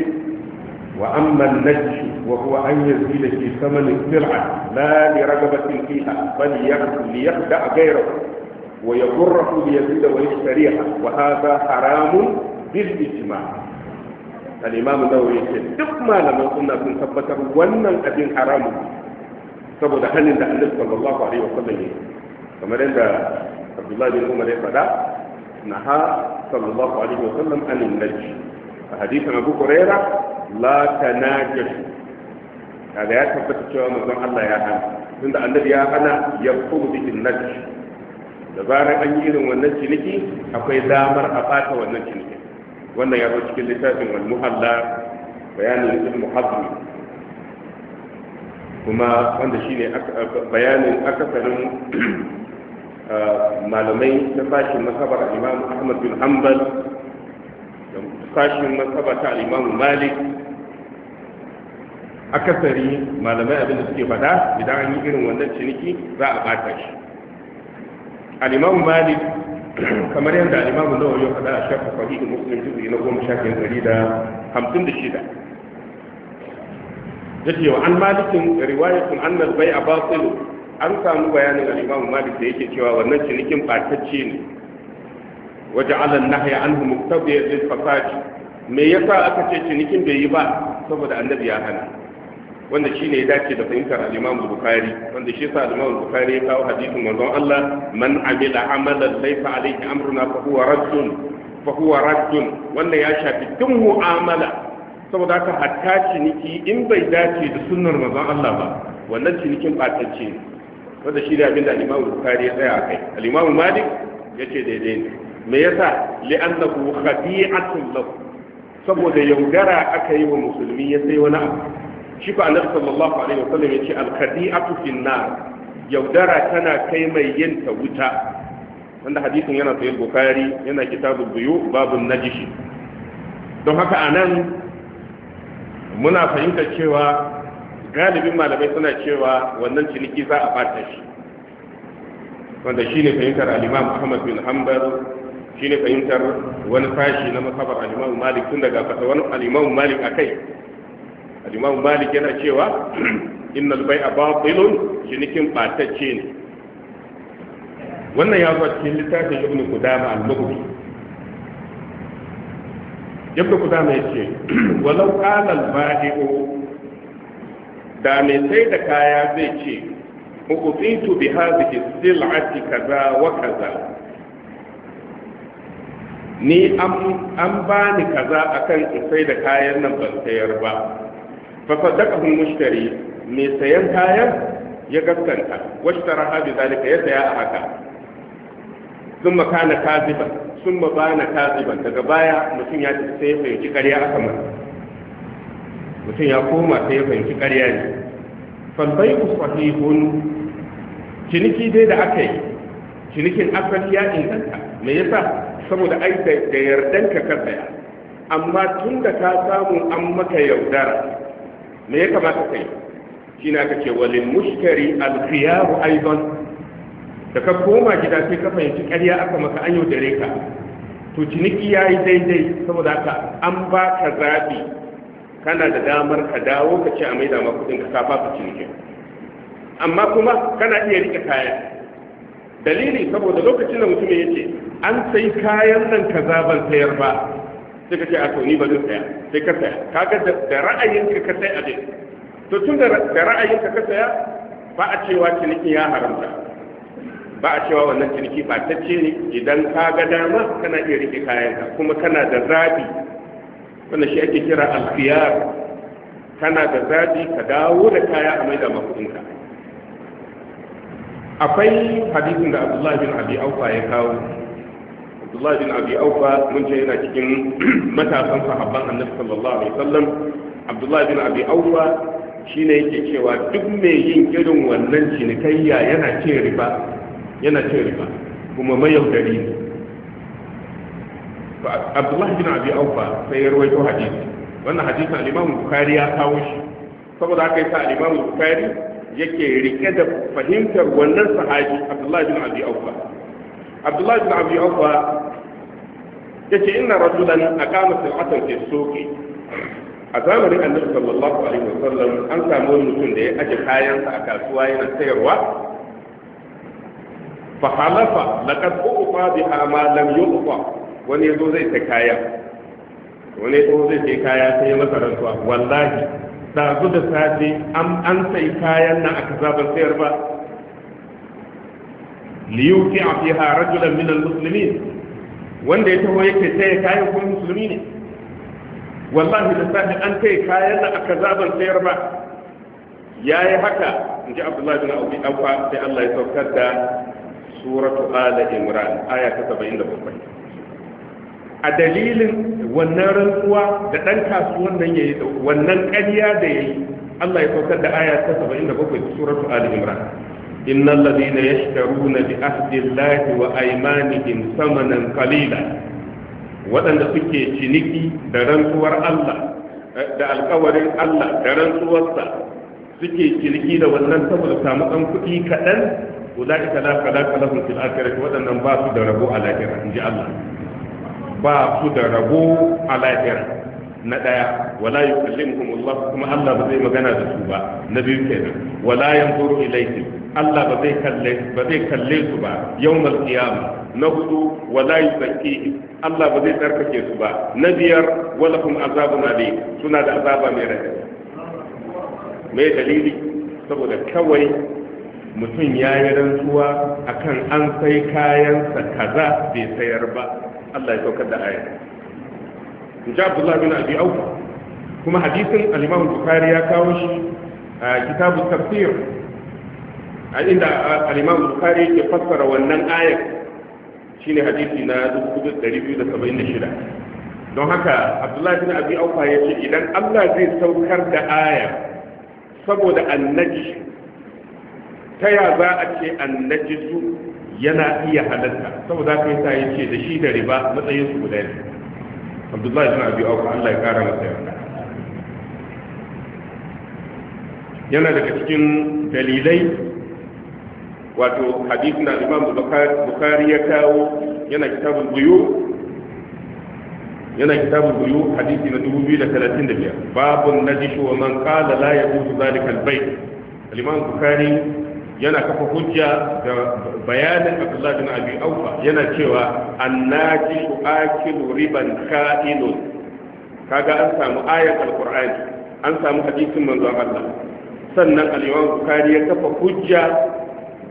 S2: وأما النجش وهو أن يزيد في ثمن السلعة لا لرغبة فيها بل ليخدع غيره ويضره ليزيد ويشتريها وهذا حرام bil ijma al-imam nawawi yace duk malaman sunna sun tabbatar wannan abin haramu saboda hannun da annabi sallallahu alaihi wasallam ya kamar yadda abdullahi bin umar ya faɗa naha sallallahu alaihi wasallam anin najj a hadisin abu huraira la tanajashu kaga ya tabbata cewa manzon Allah ya hana tunda annabi ya hana ya kuma bikin naji, da zarar an yi irin wannan ciniki akwai damar a fata wannan ciniki wannan ya zo cikin littafin al-muhalla bayanin ibn hazmi kuma wanda shine bayanin akasarin (clears throat) ah, malamai ta sashin masabar imam ahmad bin hanbal da sashin masabar ta imam malik akasari malamai abin da suke fada idan an yi irin wannan ciniki za a bata shi al-imam malik kamar yadda alimamu nawa ya faɗa a shafa da musulun juzi na goma sha biyar dari da hamsin da shida ya ce wa an malikin riwayatun annal bai a basilu an samu bayanin alimamu malik da yake cewa wannan cinikin batacce ne waje alan nahaya an hu muktabiyar lil fasadi me yasa aka ce cinikin bai yi ba saboda annabi ya hana wanda shine ya dace da fahimtar al-Imam Bukhari wanda shi sa al-Imam Bukhari ya kawo hadisin manzon Allah man amila amalan Laifa, alayhi amruna fa huwa raddun fa huwa raddun wanda ya shafi duk mu'amala saboda haka hatta ciniki in bai dace da sunnar manzon Allah ba wannan cinikin batacce ne wanda shi ne abin da al-Imam Bukhari ya tsaya a kai. imam Malik ya ce daidai ne me yasa li'annahu khadi'atun lahu saboda yaudara aka yi wa musulmi ya sai wani abu shi ko annabi sallallahu alaihi wasallam yace al-khadi'atu fin nar yaudara tana kai mai yin ta wuta wanda hadisin yana sahih bukhari yana kitabul buyu babun najishi don haka anan muna fahimtar cewa galibin malamai suna cewa wannan ciniki za a bata shi wanda shi ne fahimtar alimam ahmad bin hanbal shi ne fahimtar wani fashi na masabar alimam malik tun daga fata wani alimam malik a kai al-imam malik yana cewa (clears throat) innal bai'a batilun shinikin batacce ne wannan ya zo cikin littafin ibn qudama al-mughni ibn qudama yace (clears throat) walau qala al-bai'u da mai sai da kaya zai ce ukufitu bi hadhihi sil'ati kaza wa kaza ni an bani kaza akan in sai da kayan nan ban sayar ba fa saddaqahu mushtari mai sayan kayan ya gaskanta washtara ha bi zalika ya saya a haka thumma kana kadiban thumma bana kadiban daga baya mutum ya ce sai ya fahimci ƙarya aka mai mutum ya koma sai ya fahimci ƙarya ne fal bai'u sahihun ciniki dai da aka yi cinikin asali ya inganta me yasa saboda ai da yardanka ka saya amma tun da ka samu an maka yaudara me ya kamata kai shi na ka ce walin mushkari alfiyaru aizon da ka koma gida sai ka fahimci karya aka maka an yau dare ka to ciniki ya yi daidai saboda haka an ba ka zaɓi kana da damar ka dawo ka ce a mai dama kudin ka kafa ka cinikin amma kuma kana iya rike kayan dalili saboda lokacin da mutum ya ce an sai kayan nan kaza ban sayar ba sai ka ce a to ni ba zai saya sai ka saya kaga da ra'ayinka ka sai abin to tun da ra'ayinka ka saya ba a cewa ciniki ya haramta ba a cewa wannan ciniki ba ta ce ne idan ka ga dama kana iya rike kayanka kuma kana da zabi wannan shi ake kira alfiyar kana da zabi ka dawo da kaya a maida makudinka akwai hadisin da abdullahi bin abi auka ya kawo abdullahi bin abi aufa mun ce yana cikin (clears throat) matasan sahabban annabi sallallahu alaihi wasallam abdullahi bin abi aufa shine yake cewa duk mai yin irin wannan cinikayya yana cin riba yana cin riba kuma mai yaudari ne abdullahi bin abi aufa sai ya rawaito hadisi wannan hadisin al-imam bukhari ya kawo shi saboda haka yasa al-imam bukhari yake rike da fahimtar wannan sahabi abdullahi bin abi aufa abdullahi bin abi ukwa yace inna rajulan aqama sil'atan fi suqi a zamanin annabi sallallahu alaihi wasallam an samu mutum da ya aje kayansa a kasuwa yana sayarwa fa halafa laqad uqfa biha ma lam yuqfa wani yazo zai ta kaya wani yazo zai ta kaya sai ya masa wallahi da da safe an sai kayan nan aka zaban sayar ba liyuki a fiha rajulan min almuslimin wanda ya taho yake taya kayan kuma musulmi ne wallahi da sahi an kai kayan da aka zaban sayar ba ya yi haka in ji abdullahi bin abu afa sai allah ya saukar da suratu ala imran aya ta saba'in da bakwai a dalilin wannan rantsuwa da ɗan kasuwan nan ya yi wannan ƙarya da ya yi Allah ya saukar da aya ta saba'in da bakwai suratu ala Imran إن الذين يشترون بعهد الله وأيمانهم ثمنا قليلا waɗanda suke ciniki da rantsuwar Allah eh, da alkawarin Allah da rantsuwarsa suke ciniki da wannan saboda samu ɗan kuɗi kaɗan ulaika la khalaqa lahum fil akhirati waɗannan ba su da rabo a lahira inji Allah ba su da rabo a lahira na daya wala yukallimuhum Allah kuma Allah magana da ba na biyu wala yanzuru ilayhim Allah ba zai kalle ba zai kalle su ba yawmal qiyam na hudu wala yuzakkihi Allah ba zai tsarkake su ba na biyar walakum azabun ali suna da azaba mai rada Me dalili saboda kawai mutum ya yi rantsuwa akan an sai kayansa kaza bai sayar ba Allah ya saukar da aya in Abdullah bin Abi kuma hadisin al-Imam Bukhari ya kawo shi a kitabut tafsir a inda al-imam bukhari ke fassara wannan ayar shine hadisi na 2276 don haka abdullahi bin abi ya yace idan Allah zai saukar da aya saboda annaji ta ya za a ce annaji su yana iya halatta saboda kai ta yace da shi da riba matsayin su guda ne abdullahi bin abi auka, Allah ya kara masa yarda yana daga cikin dalilai wato hadisi na imam bukari ya kawo yana kitabul buyu yana kitabul buyu hadisi na 2035 babun najish wa man qala la yajuzu zalika albayt al-imam bukari yana kafa hujja da bayanin abdullah bin abi aufa yana cewa annaji akilu riban ka'inun kaga an samu ayat alqur'ani an samu hadisin manzon Allah sannan al-imam ya kafa hujja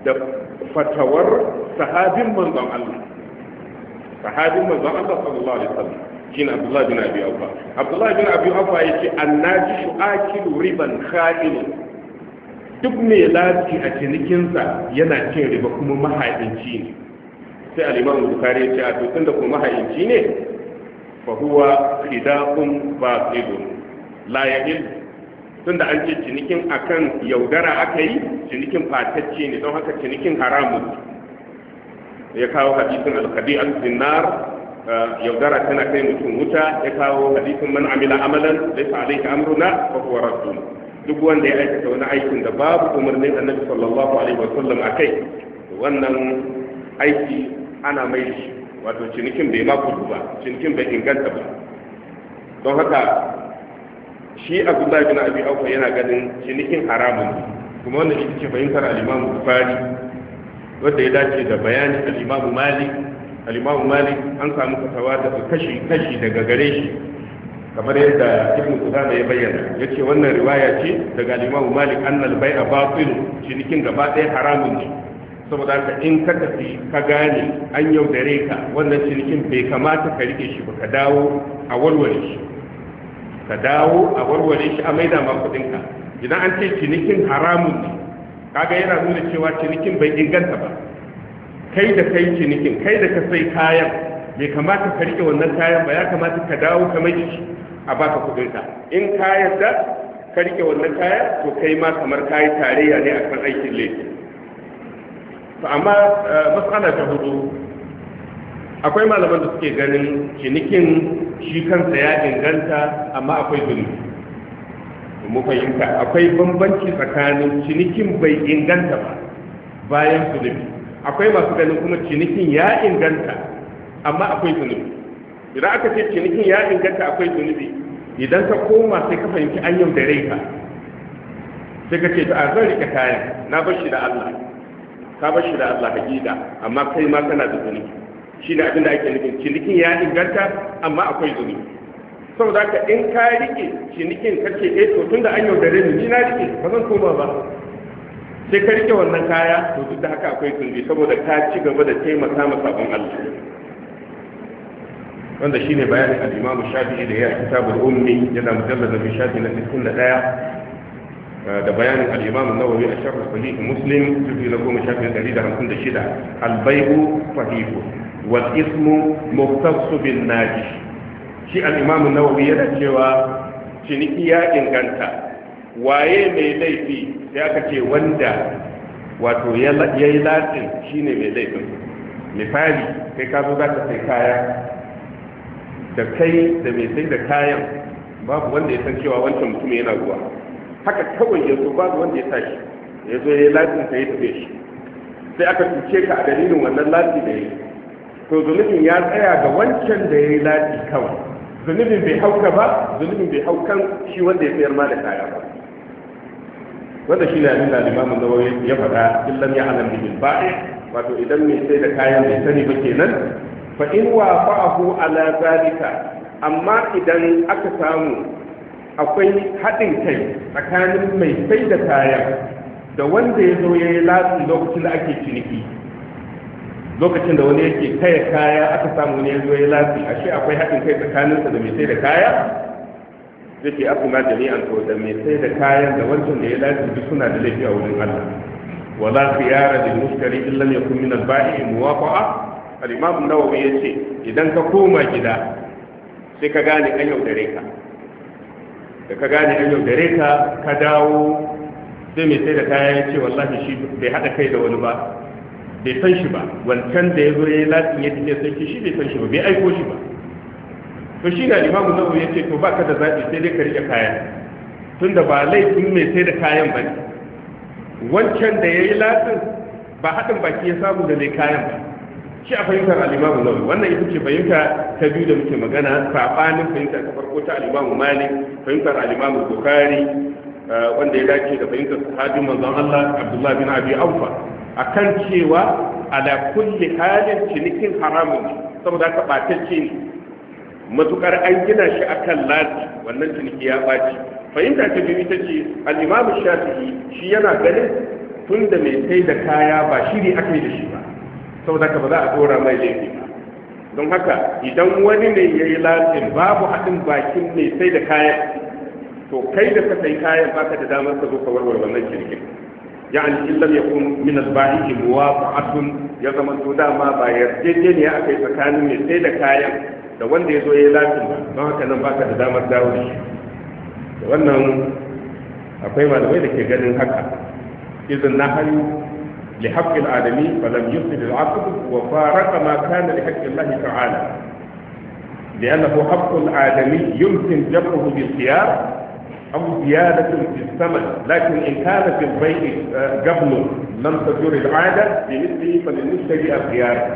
S2: da fatawar sahabin manzon Allah sahabin manzon Allah sallallahu alaihi wasallam Kin Abdullah bin Abi Awfa Abdullah bin Abi Awfa yace annaji shu'akilu riban khalil duk me lati a cinikinsa yana cin riba kuma mahaifinci ne sai al-Imam Bukhari yace a to da kuma mahaifinci ne fa huwa khidaqun baqidun la yahillu tunda an ce cinikin akan yaudara aka yi cinikin fatacce ne don haka cinikin haramu ya kawo hadisin alkabi a sinar eh, yaudara tana kai mutum wuta ya kawo hadisin man amila amalan da ta alaika amruna fa huwa rasu. duk wanda ya aikata wani aikin da babu umarnin annabi sallallahu alaihi wa a akai wannan aiki ana mai shi wato cinikin bai ma kudu ba cinikin bai inganta ba don haka shi abdullahi bin abi aufa yana ganin cinikin haramun kuma wannan shi ce fahimtar al imam bukhari wanda ya dace da bayanin al imam malik al imam malik an samu fatawa da kashi kashi daga gare shi kamar yadda ibn qudama ya bayyana yace wannan riwaya ce daga al imam malik al-bay'a batil cinikin gaba ɗaya haramun ne saboda haka in ka tafi ka gane an yaudare ka wannan cinikin bai kamata ka rike shi ba ka dawo a walwale shi ka dawo a warware shi a maida ma kudinka idan an ce cinikin haramun ne kaga yana nuna cewa cinikin bai inganta ba kai da kai cinikin kai da ka sai kayan bai kamata ka rike wannan kayan ba ya kamata ka dawo ka mai shi a baka kudinka in ka yarda ka rike wannan kayan, to kai ma kamar kayi tarayya ne akan aikin laifi to amma eh, mas'ala ta hudu akwai malaman da suke ganin cinikin shi kansa ya inganta amma akwai zunubi mu fahimta akwai bambanci tsakanin cinikin bai inganta ba bayan zunubi akwai masu ganin kuma cinikin ya inganta amma akwai zunubi idan aka ce cinikin ya inganta akwai zunubi idan ka koma sai ka fahimci an yau da rai ka sai ka ce ta, a zan rike kayan na bar shi da Allah ka bar shi da Allah hakika amma kai ma kana da zunubi shi ne abin da ake nufin cinikin ya inganta amma akwai zuni saboda ka in ka rike cinikin kake eh to tun da an yaudare ni na rike ba zan koma ba sai ka rike wannan kaya to duk da haka akwai zunubi saboda ka ci gaba da taimaka ma sabon Allah wanda shine bayanin al-Imam Shafi'i da ya kitabul ummi yana mujallad bi shafi na sittin da ɗaya, eh, da bayanin al'imam nawawi a shafin sahih muslim jirgin na goma shafin 156 albaihu fahimu والاسم ismu بالناجي bin الامام shi al-imam an-nawawi yana cewa inganta waye mai laifi sai aka ce wanda wato yayi latin shine mai laifin misali kai ka zo za ka sai kaya da kai da mai sai da kayan babu wanda ya san cewa wancan mutum yana ruwa haka kawai ya zo babu wanda ya tashi ya zo ya yi latin ka ya tafiye shi sai aka cuce ka a dalilin wannan latin da ya yi to zunubin ya tsaya ga wancan da ya yi lati kawai zunubin bai hauka ba zunubin bai haukan shi wanda ya sayar ma da kaya ba wanda shi ne abin da limamin zama ya faɗa illan ya alam bihin ba'i wato idan mai sai da kayan bai sani ba kenan fa in wa fa'ahu ala zalika amma idan aka samu akwai haɗin kai tsakanin mai sai da kayan da wanda ya zo ya yi lati lokacin da ake ciniki lokacin da wani yake taya kaya aka samu ne zo ya lafi shi akwai haɗin kai tsakaninsa da mai sai da kaya yake aku ma jami'an to da mai sai da kayan da wancan da ya lafi duk suna da laifi a wurin Allah wala khiyara lil mushtari illa yakun min al ba'i muwafaqa al imam an-nawawi yace idan ka koma gida sai ka gane an yaudare ka da ka gane an yaudare ka ka dawo sai mai sai da kaya ya ce wallahi shi bai haɗa kai da wani ba bai san shi ba wancan da ya zo ya yi latin ya ce sai shi shi bai san shi ba bai aiko shi ba to shi na imamu zabu ya ce to ba ka da zaɓi sai dai ka riƙe kayan tunda ba laifin mai sai da kayan ba ne wancan da ya yi latin ba haɗin baki ya samu da mai kayan ba shi a fahimtar alimamu zabu wannan ita ce fahimta ta biyu da muke magana saɓanin fahimtar ta farko ta alimamu malik fahimtar alimamu bukari Eh, wanda ya dace da fahimtar sahabin manzon Allah Abdullah bin Abi Awfa akan cewa ala kulli halin cinikin haramun ne saboda ka batacce ne matukar an gina shi akan lati wannan ciniki ya baci fahimta ta biyu ita ce al-Imam Shafi'i shi yana ganin tunda mai sai da kaya ba shiri aka da shi ba saboda ka ba za a dora mai laifi ba don haka idan wani ne ya yi latin babu haɗin bakin mai sai da kaya. to kai da ka sai kayan baka da damar ka zo ka warware wannan shirkin yani in lam yakun min al-ba'i muwafa'atun ya zama to dama ba yarjejeniya akai tsakanin mai sai da kayan da wanda ya zo ya lafi don haka nan baka da damar dawo shi wannan akwai malamai da ke ganin haka idan na hali li haqqil adami fa lam yusid al-aqd wa faraka ma kana li haqqi Allah ta'ala لأنه حق الآدمي يمكن جبره بالخيار أو زيادة في الثمن لكن إن كان في البيع قبل لم تجر العادة بمثله فللمشتري الخيار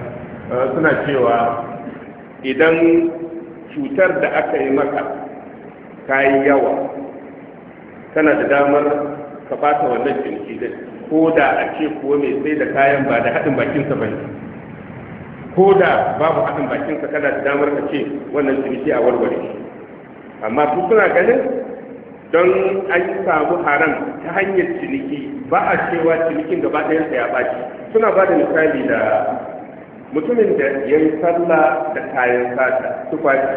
S2: سنة cewa idan شوتر da aka كاي يوى ta دامر yawa ونجم da ko da a ce kuwa mai sai da kayan ba da haɗin bakinsa ba ko da babu haɗin bakinsa kana da damar ka ce wannan ciniki a warware amma su suna ganin don an samu haram ta hanyar ciniki ba a cewa cinikin gaba ɗayansa ya ɓaci suna ba da misali da mutumin da ya yi sallah da kayan sata tufafi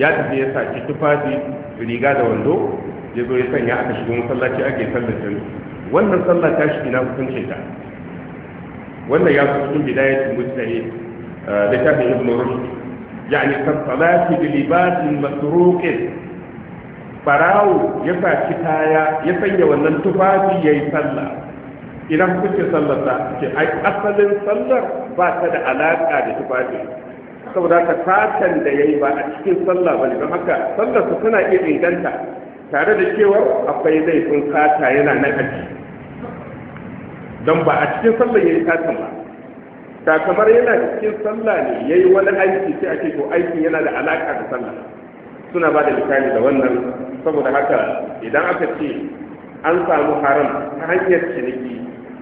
S2: ya tafi ya saki tufafi riga da wando ya zo ya sanya aka shigo masallaci ake sallar jami wannan sallah ta shi na hukuncin ta wannan ya fi cikin ta fi eh, littafin ibn rushd يعني كالصلاة بلباس مسروق barawo ya saci kaya ya sanya wannan tufafi ya yi sallah idan kuke sallar ta ke ai asalin sallar ba ta da alaƙa da tufafi saboda ka satan da ya yi ba a cikin sallah ba don haka sallar su suna iya inganta tare da cewa akwai laifin sata yana na aji don ba a cikin sallar ya yi satan ba ta kamar yana cikin sallah ne ya yi wani aiki sai ake to aikin yana da alaƙa da sallah suna ba da misali da wannan saboda haka idan aka ce an samu haram ta hanyar ciniki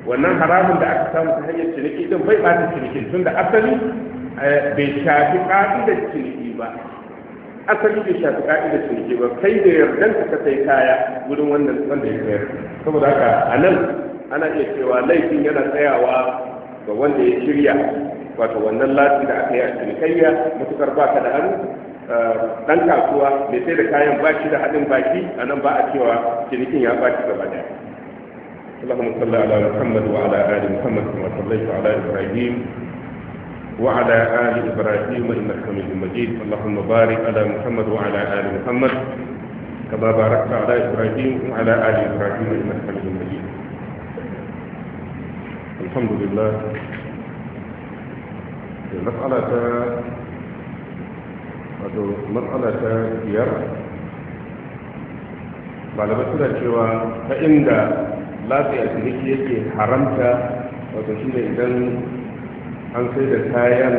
S2: wannan haramun da aka samu ta hanyar ciniki din bai ba ciniki tun da asali eh, bai shafi ka'idar ciniki ba asali bai shafi ka'idar ciniki ba kai da yardan ka kai kaya wurin wannan wanda ya sayar saboda haka a nan ana iya cewa laifin yana tsayawa ga wanda ya shirya wato wannan lati da aka yi a cinikayya matukar ka da hannu dan kasuwa mai sai da kayan baki da haɗin baki a nan ba a cewa cinikin ya baki gaba da Allahumma
S1: wato matsala ta biyar
S2: malamai suna cewa ta inda lafiya ciniki yake haramta wato shi ne idan an sai da kayan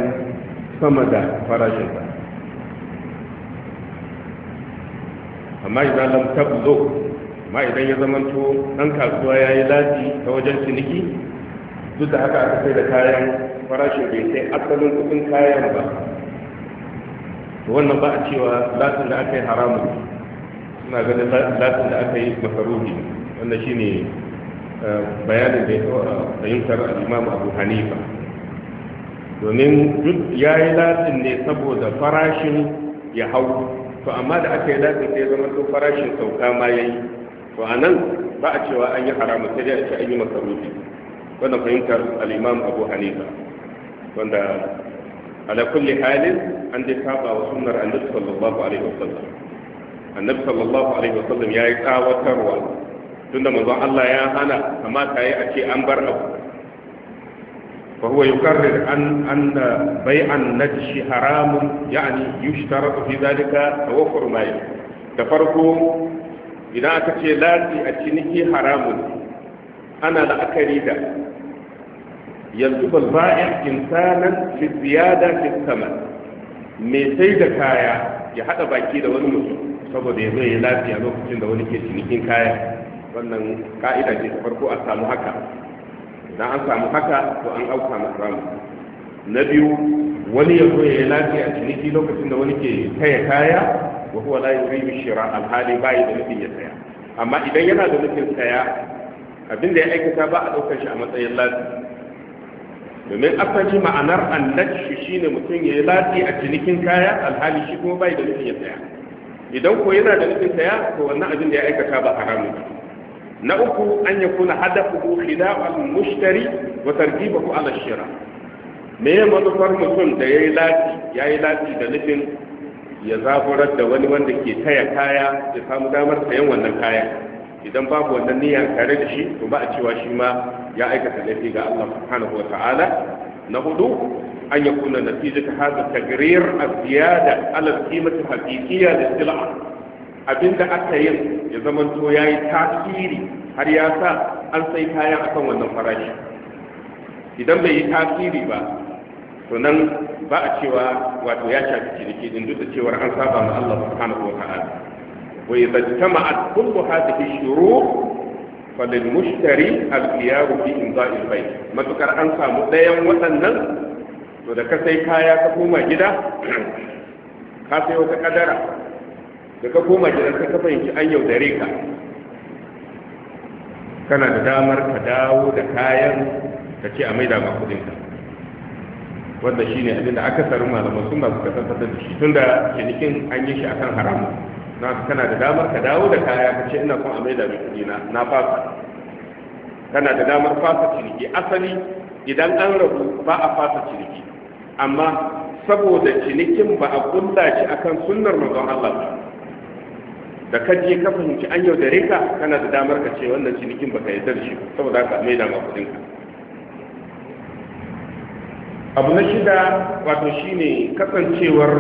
S2: sama da farashinsa amma idan lam tablo amma idan ya zamanto ɗan kasuwa ya yi lafi ta wajen ciniki duk da haka aka sai da kayan farashin bai sai asalin kuɗin kayan ba to wannan ba a cewa latin da aka yi haramun suna ganin latin da aka yi masarufi wannan ne eh, bayanin da ya eh, fahimtar al'imam abu hanifa domin duk ya yi latin ne saboda farashin ya hau to amma da aka yi latin sai zama to farashin sauka ma ya yi to a nan ba a cewa an yi haramun sai dai a ce an yi masarufi wannan fahimtar al'imam abu hanifa wanda ala kulli halin عند تابع وسنة النبي صلى الله عليه وسلم النبي صلى الله عليه وسلم يا إتا وتروى تندم الله يا هنا فما تأتي أنبر أبو فهو يقرر أن أن بيع النجش حرام يعني يشترط في ذلك توفر مال تفرقوا إذا أتي لا تأتيني حرام أنا لا أكريد يلتف البائع إنسانا في الزيادة في الثمن mai sai da kaya ya haɗa baki da wani mutum saboda ya zo ya lafiya lokacin da wani ke cinikin kaya wannan ka'ida ce ta farko a samu haka idan an samu haka to an auka masu na biyu wani ya zo ya lafiya ciniki lokacin da wani ke taya kaya wa huwa la yuridu shira alhali bai da nufin ya saya amma idan yana da nufin saya abin da ya aikata ba a daukar shi a matsayin lafiya domin asali ma'anar shi shine mutum ya yi lati a cinikin kaya alhali shi kuma bai da nufin ya saya idan ko yana da nufin saya to wannan abin da ya aikata ba haramun na uku an ya kuna hadafu wa mushtari wa targibahu ala shira me ya manufar mutum da ya yi lati ya yi lati da nufin ya zaburar da wani wanda ke taya kaya ya samu damar sayan wannan kaya idan babu wannan niyyar tare da shi to ba a cewa shi ma ya aikata laifi ga Allah subhanahu wa ta'ala na hudu an yakuna natijatu hadha tagrir az-ziyada ala al-qimati al-haqiqiyya lis-sil'a abinda aka yi ya zamanto yayi tasiri har ya sa an sai kayan akan wannan farashi idan bai yi tasiri ba to nan ba a cewa wato ya shafi ciniki din duk da cewar an saba ma Allah subhanahu wa ta'ala wa idza tama'at kullu hadhihi falil mushtari alkiyaru fi imza'il bayt matukar an samu ɗayan wadannan to da ka sai kaya ka koma gida ka sai wata kadara da ka koma gida sai ka fahimci an yaudare ka kana da damar ka dawo da kayan ka ce a maida ma ka wanda shine abin da aka saru malaman sunna suka tabbatar da shi tunda cinikin an yi shi akan haramun na kana da damar ka dawo da kaya ka ce ina son a maida mai kuɗi na na fasa kana da damar fasa ciniki asali idan an rabu ba a fasa ciniki amma saboda cinikin ba a kulla shi akan sunnar mazan Allah ba da ka je ka fahimci an yaudare ka kana da damar ka ce wannan cinikin ba ka yi da shi saboda haka mai dama kudin ka abu na shida wato shine kasancewar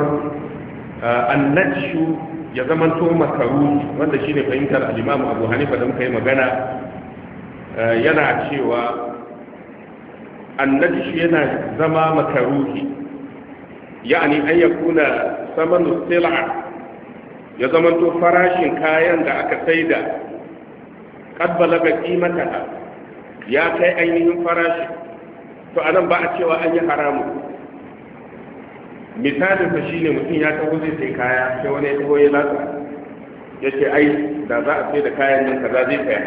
S2: ah, annashu ya zamanto to makaru wanda shine fahimtar al-Imam Abu Hanifa don magana eh, yana cewa annabi shi yana zama makaruhi yani an yakuna samanu sil'a ya zamanto farashin kayan da aka saida qad balaga qimataha ya kai ainihin farashi to anan ba a cewa an yi haramu misalin ta shine mutum ya taho zai sai kaya sai wani ya taho ya latsa ya ce ai da za a sai da kayan nan kaza zai kaya,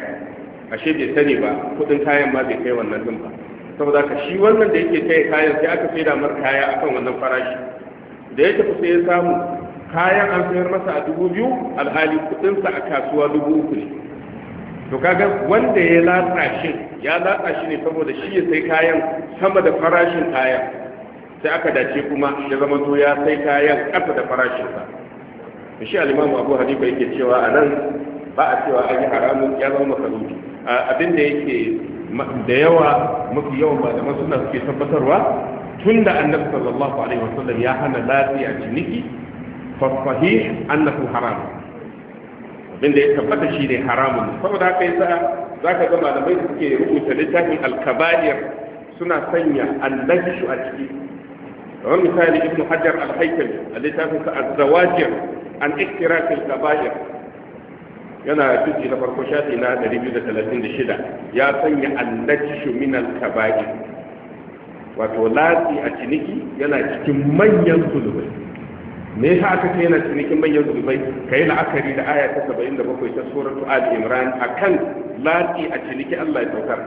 S2: ashe bai sani ba kudin kayan ma bai kai wannan din ba saboda ka shi wannan da yake kai kayan sai aka sai da mar kaya akan wannan farashi da ya tafi sai ya samu kayan an sayar masa a dubu biyu alhali kudinsa a kasuwa dubu uku ne to kaga wanda ya latsa shi ya latsa shi ne saboda shi ya sai kayan sama da farashin kayan sai aka dace kuma ya zama to ya sai kayan ƙasa da farashinsa shi alimamu abu hanifa yake cewa a nan ba a cewa an yi haramun ya zama masarufi abin da yake da yawa mafi yawan malaman suna suke tabbatarwa tun da annabi sallallahu alaihi wasallam ya hana lafiya ciniki fafahi annahu haram abin da ya tabbata shi ne haramun saboda haka yasa zaka ga malamai da suke rubuta littafin al-kabair suna sanya annabishu a ciki kamar misali ibnu hajar al-haikali a littafin sa az-zawajir an ihtiraq al yana juzi na farko shafi na 236 ya sanya annajshu min al-kaba'ir wato lati a ciniki yana cikin manyan zulubai me yasa aka ce yana cinikin manyan zulubai kai la'akari da aya ta 77 ta suratu ali imran akan lati a ciniki Allah ya saukar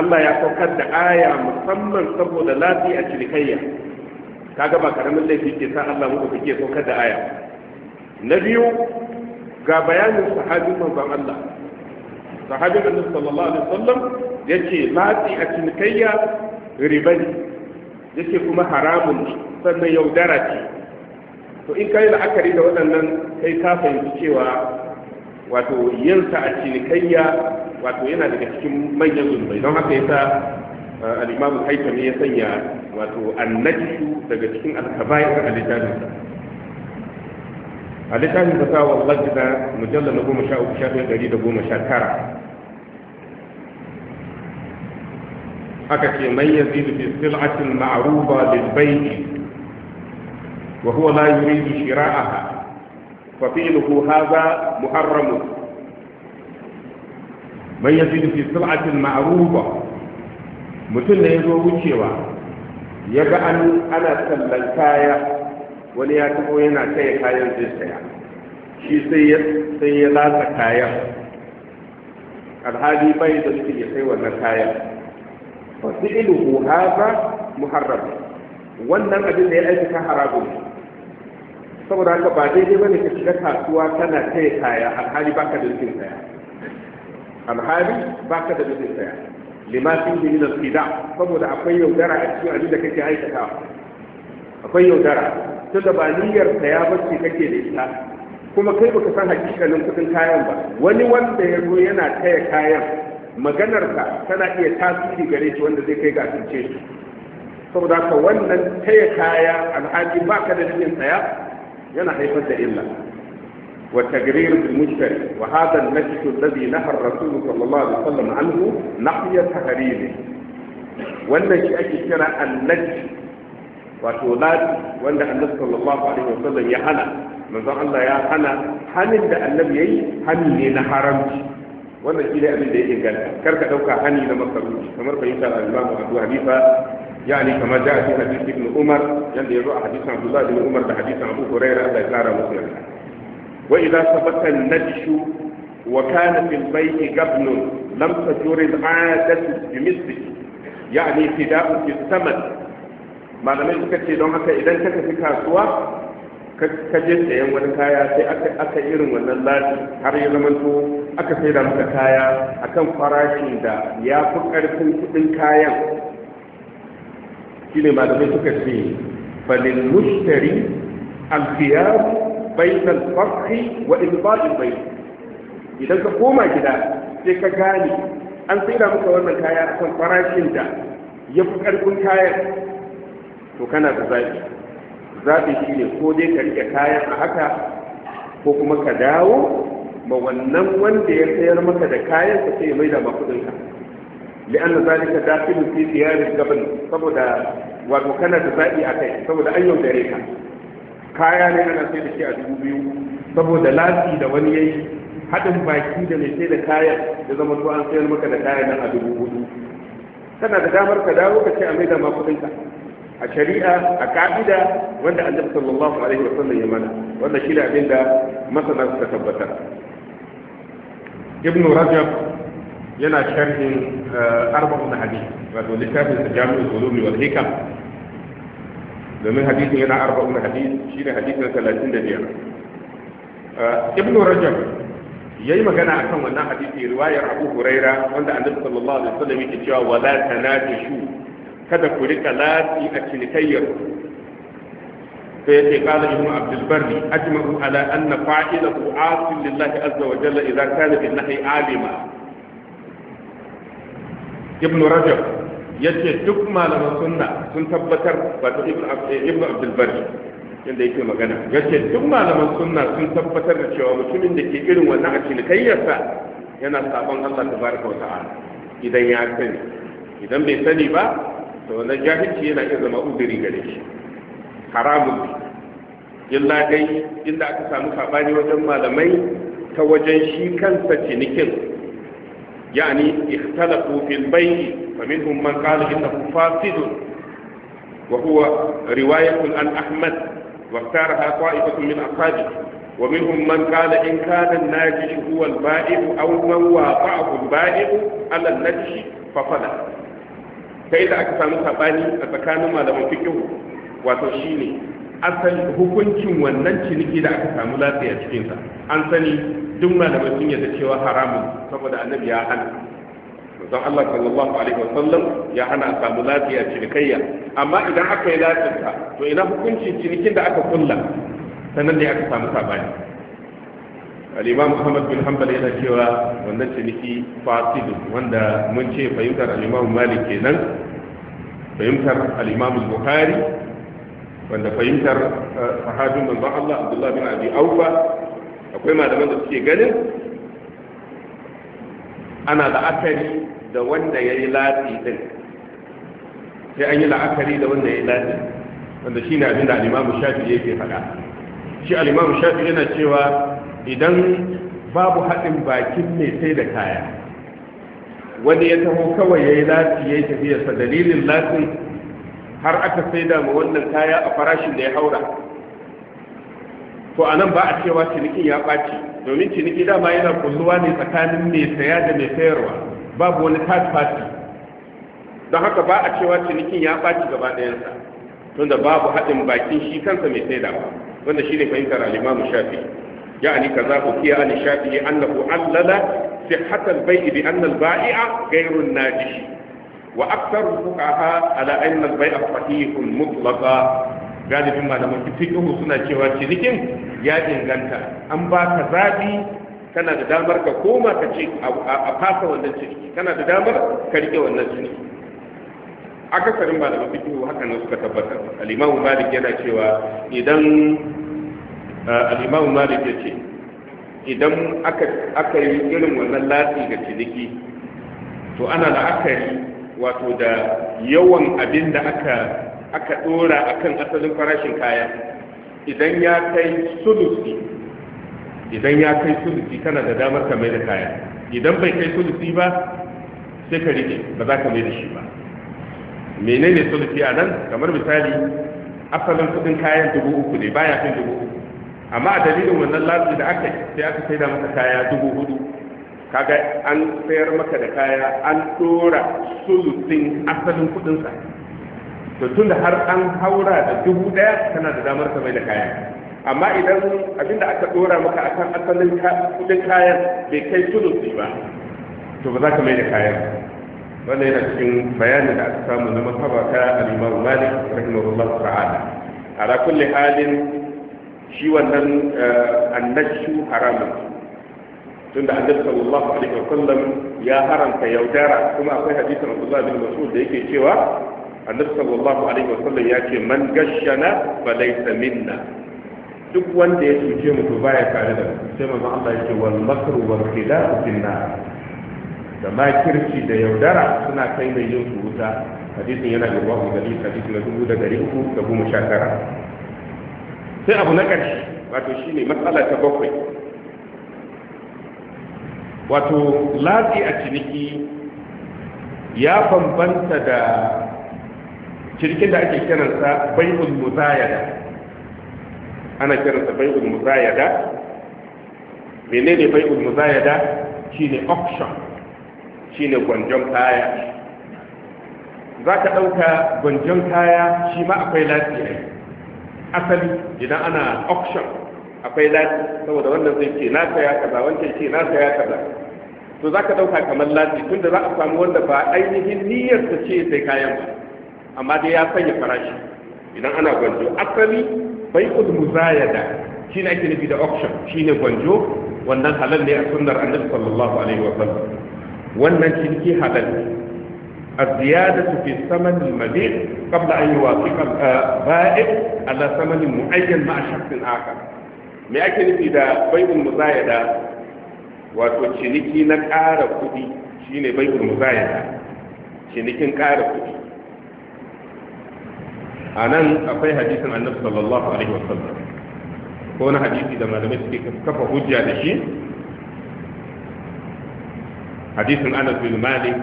S2: Allah ya saukar da aya musamman saboda lati a cinikayya kaga ba karamin laifi ke sa Allah muku kike so da aya na biyu ga bayanin sahabi manzon Allah sahabi annabi sallallahu alaihi wasallam yace lati a cinikayya ribani yace kuma haramun sannan yaudara ce to in kai la'akari da waɗannan kai ka fahimci cewa wato yin sa a cinikayya wato yana daga cikin manyan zunubai don haka yasa eh, al-Imam Haythami ya sanya wato annajishu daga cikin alkabayar a littafinsa a littafin sa sa wallah jida mujallar na goma sha uku sha ɗaya ɗari da goma sha tara aka ce mai yazidu fi sil'atin ma'ruba lil bai'i wa huwa la yuridu shira'aha fa fi'luhu hadha muharram man yazidu fi sil'atin ma'ruba mutum ne ya zo wucewa ya ga an ana sallan kaya wani ya taho yana taya kayan zai saya shi sai ya latsa kayan alhali bai da suke ya sai wannan kayan wasu iluhu haza muharram wannan abin da ya aikata haramun saboda haka ba daidai ne ka shiga kasuwa tana taya kaya alhali baka da nufin saya alhali baka da nufin saya lima fi min al saboda akwai yaudara a cikin abin da kake aikata akwai yaudara ta da ba niyyar ka ya bace kake da ita kuma kai baka san hakikalin kudin kayan ba wani wanda ya zo yana taya kayan ka tana iya tasiri gare shi wanda zai kai ga cince shi saboda haka wannan taya kaya alhaji baka da niyyar tsaya yana haifar da illa وتقرير المجتهد وهذا المسجد الذي نهى الرسول صلى الله عليه وسلم عنه نحي تحريمه wannan shi ake kira annaji wato ladi wanda annabi sallallahu alaihi wasallam ya hana manzon Allah ya hana hanin da annabi yayi hani ne na haramci wannan shi ne abin da ya inganta kar ka dauka hani na masarufi kamar fahimta Abu Hanifa يعني كما جاء في حديث ابن عمر يعني يروى حديث عبد الله بن عمر بحديث ابو هريره الله يجزاه وإذا ثبت النجش وكان في البيت قبل لم تجر العادة بمثله يعني فداء في الثمن ما لم يكن دون haka idan ka tafi kasuwa ka je sayan wani kaya sai aka irin wannan lati har ya zama aka sai da maka kaya akan farashin da ya fi karfin kudin kayan shine malamai suka ce bainal fathi wa ibadil bayt idan ka koma gida sai ka gane an tsira maka wannan kaya akan farashin da ya fi karfin kayan to kana da zaɓi zaɓi shi ne ko dai ka riƙe kayan a haka ko kuma ka dawo ma wannan wanda ya sayar maka da kayan ka sai ya mai da makudinka li'anna zalika dakhilu fi ziyarar gaban saboda wato kana da zaɓi kai saboda an yaudare ka kaya ne ana sai da shi a dubu biyu saboda lati da wani yayi haɗin baki da mai sai da kaya da zama to an sayar maka da kayan nan a dubu hudu kana da damar ka dawo ka ce a maida ma kuɗinka a shari'a a ka'ida wanda annabi sallallahu alaihi wa sallam ya mana wanda shi ne abin da masana suka tabbatar ibn rajab yana sharhin eh, arba'un hadith wato littafin sa jami'ul ulum wal hikam domin hadisin yana arba'un hadis shi ne hadisin talatin da biyar ibn rajab ya yi magana a kan wannan hadisi riwayar abu huraira wanda annabi sallallahu alaihi wasallam yake cewa wala tanajishu kada ku rika lati a cinikayyar sai yace qala ibn abdul barri ajma'u ala anna fa'ilahu asil lillahi azza wa jalla idza kana bin nahyi alima ibn rajab yace duk malaman sunna sun tabbatar wato ibnu eh, abdul bari inda yake magana yace duk malaman sunna sun tabbatar da cewa mutumin da ke irin wannan a cinikayyarsa yana sabon Allah tabaraka wa ta'ala idan ya sani idan bai sani ba to wannan jahilci yana iya zama udiri gare shi haramun illa dai inda aka samu sabani wajen malamai ta wajen shi kansa cinikin يعني اختلفوا في البيع فمنهم من قال إنه فاسد وهو رواية عن أحمد واختارها طائفة من أصحابه ومنهم من قال إن كان الناجش هو البائع أو من واقعه البائع على النجش ففلا فإذا أكثر سباني أتكان ما لم فكه وتشيني أصل hukuncin wannan ciniki da aka samu lafiya cikinsa an sani duk malamai sun yadda cewa haramun saboda annabi ya hana don Allah sallallahu alaihi wasallam ya hana a samu lafiya cinikayya amma idan aka yi lafiyarsa to ina hukuncin cinikin da aka kulla sannan ne aka samu sabani al-imam Muhammad bin Hanbal yana cewa wannan ciniki fasidu wanda mun ce fahimtar al-imam Malik kenan fahimtar al-imam Bukhari wanda fahimtar eh, sahabin manzon Allah Abdullah bin Abi Awfa akwai malaman da suke ganin ana la'akari da wanda ya yi lati din sai an yi la'akari da wanda ya yi lati wanda shi ne abin da alimamu shafi ya ke faɗa shi alimamu shafi yana cewa idan babu haɗin bakin mai sai da kaya wani ya taho kawai ya yi lati ya yi tafiyarsa dalilin lati har aka sai da ma wannan kaya a farashin da ya haura to a nan ba a cewa cinikin ya ɓaci domin ciniki dama yana kulluwa ne tsakanin mai saya da mai sayarwa babu wani third party don haka ba a cewa cinikin ya ɓaci gaba ɗayansa tunda babu haɗin bakin shi kansa mai saidawa wanda shi ne fahimtar alimamu shafi يعني كذا حكي عن الشافعي انه علل صحة البيع بأن البائع غير الناجش وأكثر الفقهاء على أن البيع صحيح مطلقا galibin malaman fiqhu suna cewa cinikin ya inganta an ba ka zabi kana da damar ka koma ka ce a fasa wannan ciniki kana da damar ka rike wannan ciniki akasarin malaman fiqhu haka nan suka tabbatar al-Imam Malik yana cewa idan al-Imam Malik ya ce idan aka yi irin wannan latsi ga ciniki to ana la'akari wato da yawan abin da aka aka dora akan asalin farashin kaya idan ya kai sulusi idan ya kai sulusi kana da damar ka mai da kaya idan bai kai sulusi ba sai ka rike ba za ka mai da shi ba menene sulusi a nan kamar misali asalin kudin kayan dubu uku ne baya fin dubu uku amma a dalilin wannan latsi da aka sai aka sai da maka kaya dubu hudu kaga an sayar maka da kaya an dora sulusin asalin kudinsa to tunda har an haura da dubu daya kana da damar ka mai da kayan amma idan abinda aka dora maka akan asalin kudin kayan bai kai su ba to ba za ka mai da kayan wanda yana cikin bayanin da aka samu na masaba ta alimar imam Malik rahimahullahu ta'ala ala kulli halin shi wannan eh, annashu haramun tunda annabi sallallahu alaihi wa sallam ya haramta yaudara kuma akwai hadisin Abdullah bin Mas'ud da yake cewa annabi sallallahu alaihi wasallam ya ce man gashshana fa laysa minna duk wanda ya cuce mu to baya tare da sai manzo Allah ya ce wal makru wal khilaf fil da makirci da yaudara suna kai mai yin su wuta hadisin yana da wahu da hadisi na dubu da dari uku da goma sha tara sai abu na ƙarshe wato shine matsala ta bakwai wato latsi a ciniki ya bambanta da Cirkin da ake kiransa bai'ul muzayada ana kiransa bai'ul muzayada menene bai'ul muzayada shine auction shine gwanjon kaya za ka ɗauka gwanjon kaya shi ma akwai lafiya ne asali idan ana auction akwai lati saboda wannan zai ce na saya kaza wancan ce na saya kaza to za ka ɗauka kamar lati tunda za a samu wanda ba ainihin niyyar ta ce sai kayan ba amma dai ya sanya farashi idan ana gwanjo asali bai kudu da shi ne ake nufi da auction shi ne gwanjo wannan halal ne a sunnar annabi sallallahu alaihi wa sallam wannan ciniki halal ne الزيادة في ثمن المبيع قبل أن يوافق البائع على ثمن معين مع shafin آخر me ake nufi da bai'ul da wato ciniki na ƙara kuɗi shi ne shine bai'ul da cinikin ƙara kuɗi a nan akwai hadisin annabi sallallahu alaihi wa sallam ko na hadisi da malamai suke kafa hujja da shi hadisin anas bin malik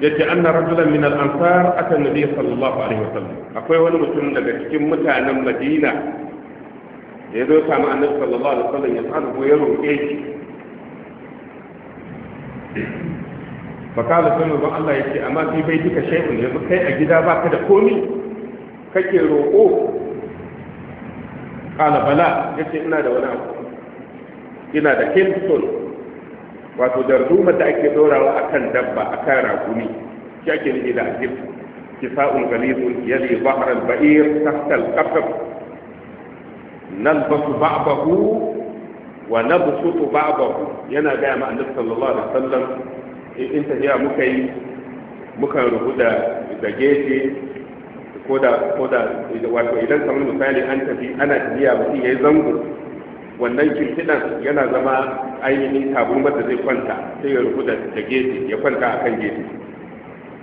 S2: yace anna rajulan min al-ansar ata nabi sallallahu alaihi wa sallam akwai wani mutum daga cikin mutanen madina ya zo samu annabi sallallahu alaihi wa sallam ya tsara ko ya roƙe shi fakala sai manzon Allah yake amma kai bai duka shay'un yanzu kai a gida baka da komi kake roƙo kala bala yace ina da wani abu ina da kinston wato da darduma da ake dorawa akan dabba akan ragumi shi ake nufi da ajib kisa'un galizun yali bahar al-ba'ir tahta al-qafaf nalbasu ba'dahu wa nabsutu ba'dahu yana ga ma annabi sallallahu alaihi wasallam in tafiya muka yi muka rubu da gefe ko da ko da wato idan kamar misali an tafi ana tafiya mutum ya yi zango wannan kirkidan yana zama ainihin taburmar da zai kwanta sai ya rubu da gefe ya kwanta a kan gefe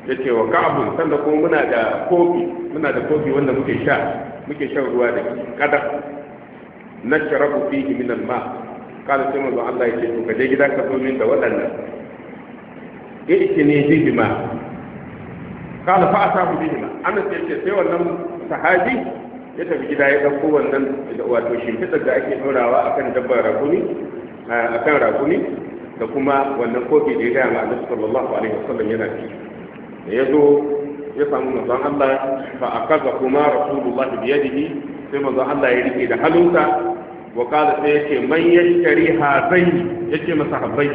S2: ya ce wa ka'abun sannan kuma muna da kofi muna da kofi wanda muke sha muke shan ruwa da kadar na sharafu fihi min al-ma Kada sai manzo Allah ya ce to ka je gida ka zo da waɗannan ne bihima kala fa asabu bihima anas yace sai wannan sahabi ya tafi gida ya dauko wannan wato shimfidar da ake dorawa akan dabbar rakuni akan rakuni da kuma wannan kofi da ya gaya ma annabi sallallahu alaihi wasallam yana ci da ya zo ya samu manzon Allah fa akaza kuma rasulullahi bi yadihi sai manzon Allah ya rike da hannunsa wa kala sai yake man yashtari hazaini yake masa habai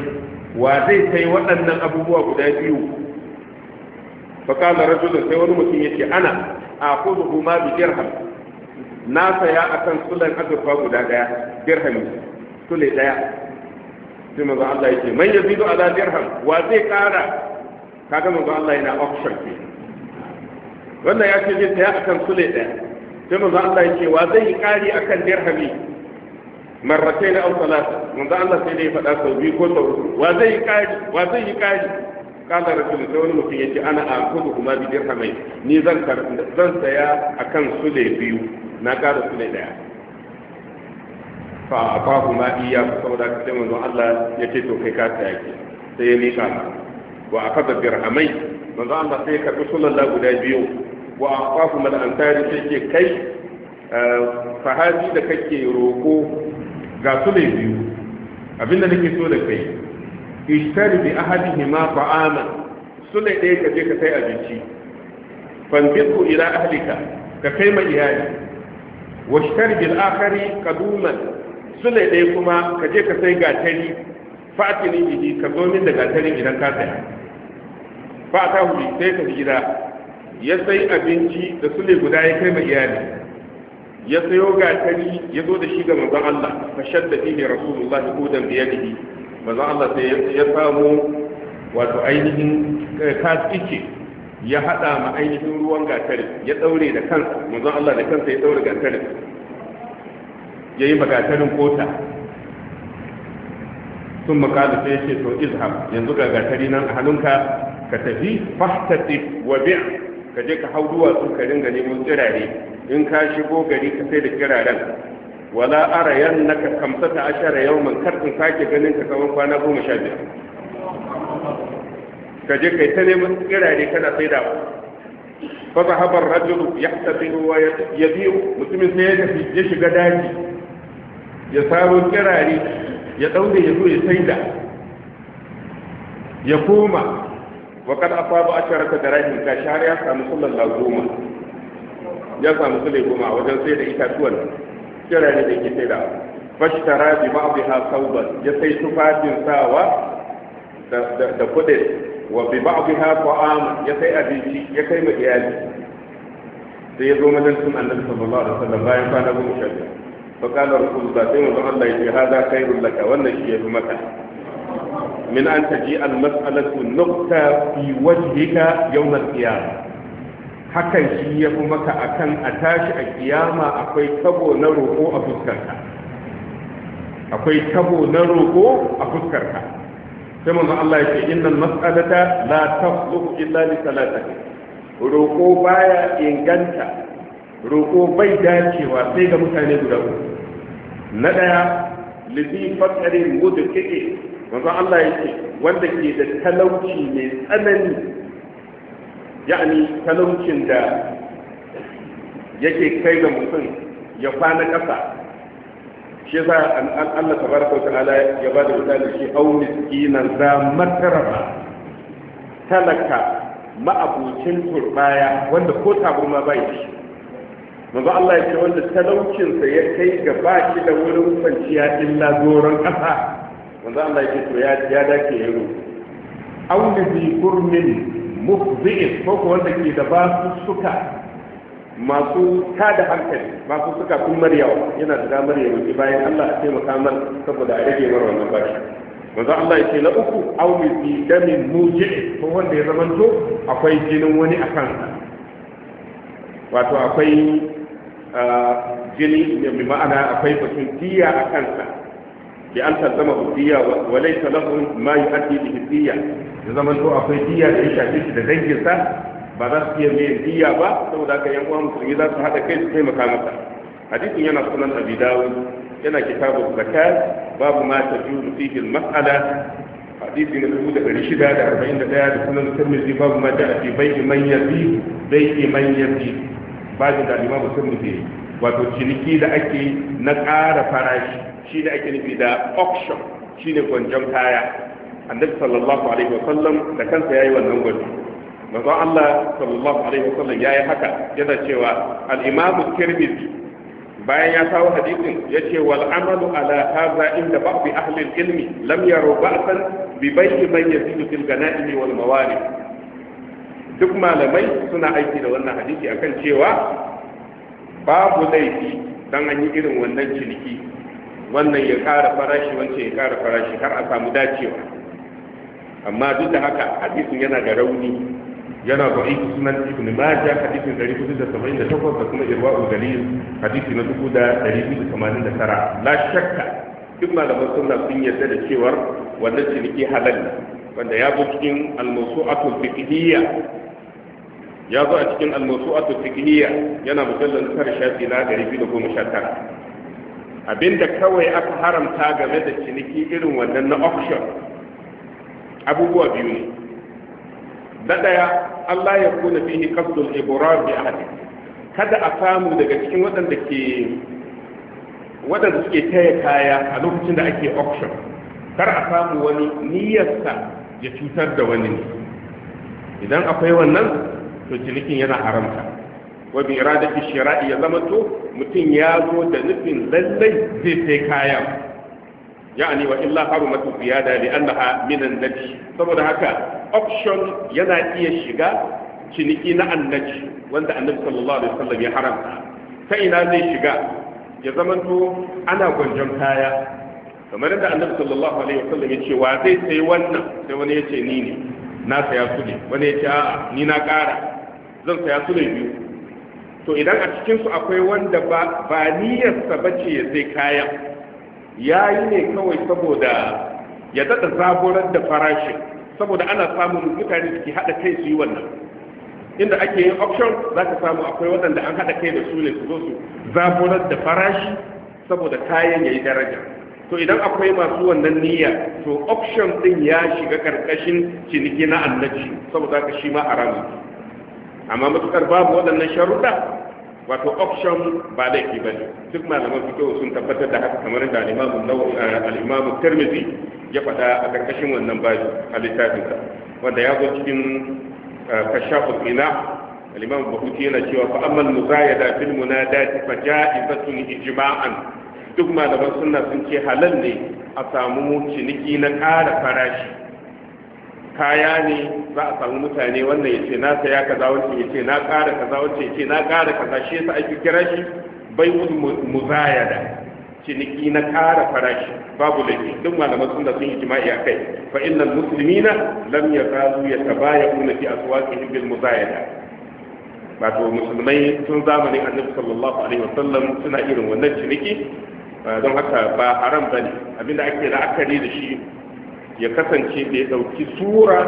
S2: wa zai sai waɗannan abubuwa guda biyu faƙalar rajulun sai wani mutum ce, ana a kudu kuma bi dirham na saya a kan sulan azurfa guda ɗaya dirham sule ɗaya sai manzo Allah yake man yazidu ala dirham wa zai ƙara kaga manzo Allah yana auction ke wannan ya ce zai saya a kan sule ɗaya sai manzo Allah yake wa zai yi ƙari akan dirhami marratai na au talata manzo Allah sai dai faɗa sau biyu ko sau wa zai yi kari wa zai yi kari kala rasul sai wani mutum yace ana akudu kuma bi dirhamai ni zan zan saya akan sule biyu na kara sule daya fa a afahu kuma iya saboda sai manzo Allah ya yace to kai ka saya ki sai ya mika wa a akada dirhamai manzo Allah sai ka karbi sulan guda biyu wa a afahu mal antari sai ke kai eh, fahadi da kake roko ga su ne biyu abinda nake so da kai ishtari bi ma ta'ama su ne ɗaya ka je ka kai abinci fanbiqu ila ahlika ka kai ma iyali ishtari bil akhari kaduma su ne ɗaya kuma ka je ka sai gatari fatini bihi ka zo min da gatarin idan ka saya fa ta huri sai ka gida ya sai abinci da ne guda ya kai ma iyali ya sayo gatari ya zo da shi ga manzon Allah fa shadda fihi rasulullahi udan bi yadihi manzon Allah sai ya samu wato ainihin katsice ya hada ma ainihin ruwan gatari ya daure da kansa manzon Allah da kansa ya daure gatarin yayi magatarin kota sun makala sai ce to izham yanzu ga gatari nan a hannunka ka tafi fahtatif wa bi' ka je ka hau duwatsu ka ringa neman tsirare in ka shigo gari ka sai da kiraren wala ara yannaka kamsata ashara yau kar in sake ganin ka tsawon kwana goma sha biyar ka je kai ta neman kirare kana sai da fa zahaba ar-rajul yahtasiru wa yabiu mutumin sai ya tafi ya shiga daji ya saro kirare ya daure ya zo ya saida ya koma wa kad asaba asharata darahim ka shari'a samu sallallahu goma ya samu sule goma wajen sai da itatuwan kirare da kitira fashtara bi ba'dha sauban ya sai tufafin sawa da kudin wa bi ba'dha ta'am ya sai abinci ya kai ma iyali sai ya zo sun annabi sallallahu alaihi wasallam bayan kwana goma sha biyar fa qala rasulullah sai manzon Allah ya ce hada khairul laka wannan shi ya fi maka min an taji al mas'alatu nuqta fi wajhika yawm al qiyamah hakan shi ya fi maka akan a tashi a kiyama akwai tabo na roƙo a fuskarka akwai tabo na roƙo a fuskarka sai manzo Allah ya ce innal mas'alata la tafluhu illa li salatati roƙo baya inganta roƙo bai dacewa sai ga mutane guda uku na daya lizi fatarin mudkike manzo Allah ya ce wanda ke da talauci mai tsanani ya'ani talaucin da yake kai ga mutum ya kwana ƙasa shi yasa Allah tabaraka wa ta'ala ya ba da misali shi au miskinan za mataraba talaka ma'abucin turbaya wanda ko taburma bai shi manzo Allah ya ce wanda talaucinsa ya kai ga ba shi da wurin kwanciya illa zoron ƙasa manzo Allah ya ce to ya dace ya yi au bi kurmin mufzi'in ko ko wanda ke da basu suka masu tada hankali masu suka kun maryawa yana da damar ya roki bayan Allah ya taimaka man saboda a rage mar wannan bashi manzo Allah ya ce na uku aw min damin muji'i ko wanda ya zamanto akwai jinin wani a kansa wato akwai ah, jini mai ma'ana akwai batun diya a kansa bi an tazama diya wa laysa lahu ma yu'addi bi diya ya zama to akwai diya da ya shafe shi da danginsa ba za su iya biyan diya ba saboda haka yan uwan musulmi za su haɗa kai su taimaka masa hadisin yana sunan abi dawud yana kitabu, zakat babu ma tajuzu fihi al-mas'ala hadisi na dubu da ɗari shida da arba'in da ɗaya da sunan tirmidhi babu ma ja'a fi bai'i man yazi bai'i man yazi babu da limamu tirmidhi wato ciniki da ake na ƙara farashi shi da ake nufi da auction shine gwanjon kaya annabi sallallahu alaihi wasallam da kansa yayi wannan gwaji manzon Allah sallallahu alaihi wasallam yayi haka yana cewa al-imam tirmidhi bayan ya kawo hadisin ya ce wal amalu ala hadha inda ba'd ahli al-ilmi lam yaru ba'san bi bayyi man yazidu fil ganaimi wal duk malamai suna aiki da wannan hadisi akan cewa babu laifi dan an yi irin wannan ciniki wannan ya kara farashi wancan ya ƙara farashi har a samu dacewa amma duk da haka hadisin yana da rauni yana da aiki sunan ibn majah hadisin 478 da kuma irwa'u dalil hadisi na 2289 la shakka duk malaman sunna sun yarda da cewar wannan ciniki halal wanda ya zo cikin al-mawsu'atu fiqhiyya ya zo a cikin al-mawsu'atu fiqhiyya yana mujallal tar shafi na 219 abinda kawai aka haramta game da ciniki irin wannan na auction abubuwa biyu ne na daya Allah ya kuna fihi qasdul ibrar bi ahadin kada a samu daga cikin waɗanda ke waɗanda suke taya kaya a lokacin da ake auction kar a samu wani niyyarsa ya cutar da wani ne idan akwai wannan to cinikin yana haramta wa bi iradati shira'i ya zama to mutum ya zo da nufin lallai zai sai kaya ya'ani wa illa harumatu ziyada li annaha min annabi saboda haka option yana iya shiga ciniki na annabi wanda annabi sallallahu alaihi wasallam ya haramta ta ina zai shiga ya zamanto ana gwanjon kaya kamar yadda annabi sallallahu alaihi wasallam ya ce wa zai sai wannan wani ya ce ni ne na saya wani ya ce a'a ni na ƙara zan biyu to idan a cikin su akwai wanda ba ba niyyarsa ya sai kayan ya yi ne kawai saboda ya daɗa zaburar da farashin saboda ana samun mutane suke haɗa kai su yi wannan inda ake yin option za ka samu akwai waɗanda an haɗa kai da su ne su zo su zaburar da farashi saboda kayan ya yi daraja to idan akwai masu wannan niyya to option ɗin ya shiga ƙarƙashin ciniki na annabci saboda ka shi ma haramun amma matukar babu waɗannan sharuɗa wato option ba laifi ba ne duk malaman fito sun tabbatar da haka kamar da eh, al'imamu tirmidhi ya faɗa a ƙarƙashin wannan baji a wanda ya zo cikin eh, kashafin ina al'imamu bahuti yana cewa fa ammal muzayada fil munadati fa ja'ibatun ijma'an duk malaman sunna sun ce halal ne a samu ciniki na ƙara farashi kaya ne za a samu mutane wannan ya ce na saya kaza wancan ya ce na ƙara kaza wancan ya ce na ƙara kaza shi yasa ake kira shi bai'ul muzayada ciniki na ƙara farashi babu laifi duk malaman sun da sun yi jima'i a kai fa innal muslimina lam yazalu yatabaya'una fi aswaqihim bil muzayada wato musulmai tun zamanin annabi sallallahu alaihi wasallam suna irin wannan ciniki don haka ba haram bane abinda ake la'akari da shi ya kasance da ya ɗauki sura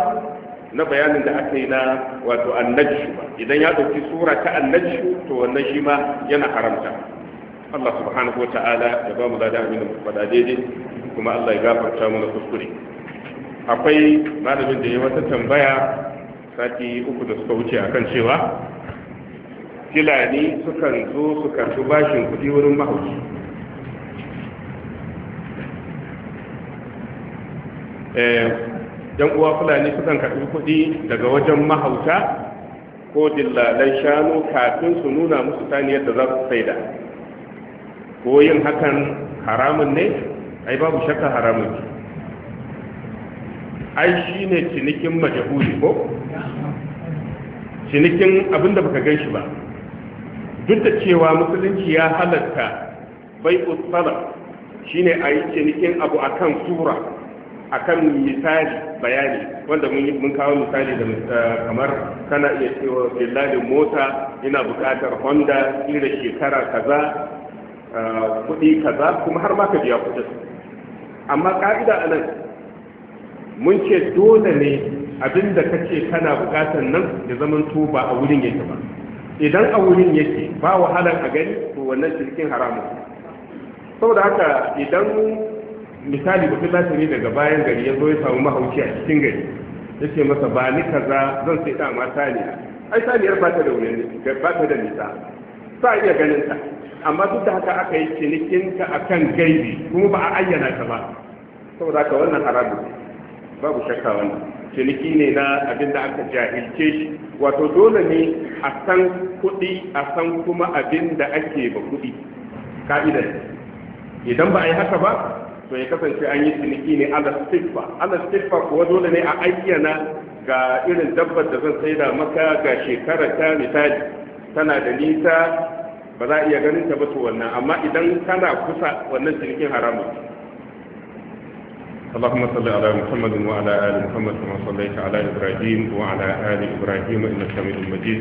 S2: na bayanin da aka yi na wato annajshu ba idan ya ɗauki sura ta annajshu to wannan shi ma yana haramta Allah subhanahu wa ta'ala ya ba mu da amin da daidai kuma Allah ya gafarta mana kuskure akwai malamin da ya wata tambaya sati uku da suka wuce akan cewa filani sukan zo su karɓi bashin kuɗi wurin mahauci Eh, yan uwa fulani sukan karɓi kuɗi daga wajen mahauta ko dillalai shanu kafin su nuna musu saniyar da za su saida ko yin hakan haramun ne ai babu shakka haramun ne ai shi ne cinikin majahuli ko cinikin abinda baka gan shi ba duk da cewa musulunci ya halatta bai utsala shi ne cinikin abu akan sura akan misali bayani wanda mun kawo misali da eh, kamar kana iya cewa illalin mota ina buƙatar honda ina shekara kaza eh, kuɗi kaza kuma har ma ka biya kuɗin amma ka'ida a nan mun ce dole ne abinda da ka ce kana buƙatar nan ya zama tuba ba a wurin yake ba idan a wurin yake ba wahalar a gani to wannan shirkin haramun saboda haka idan misali ba filata ne daga bayan gari ya zo ya samu mahauci a cikin gari ya ce masa ba ni kaza zan sai ta dama ne ai saniyar ba ta da wuyan ba ta da nisa sa iya ganin ta amma duk da haka aka yi cinikin ka akan gaibi kuma ba a ayyana ka ba saboda haka wannan harabu babu shakka wannan ciniki ne na abin da aka jahilce shi wato dole ne a san kuɗi a san kuma abin da ake ba kuɗi ka'idar idan ba a yi haka ba to ya kasance an yi ciniki ne ala stiffa ala stiffa kuwa dole ne a ayyana ga irin dabbar da zan saida maka ga shekara ta misali tana da nisa ba za a iya ganin ta ba to wannan amma idan kana kusa wannan cinikin haramun
S1: اللهم صل على محمد وعلى ال محمد كما صليت على ابراهيم وعلى ال ابراهيم انك حميد مجيد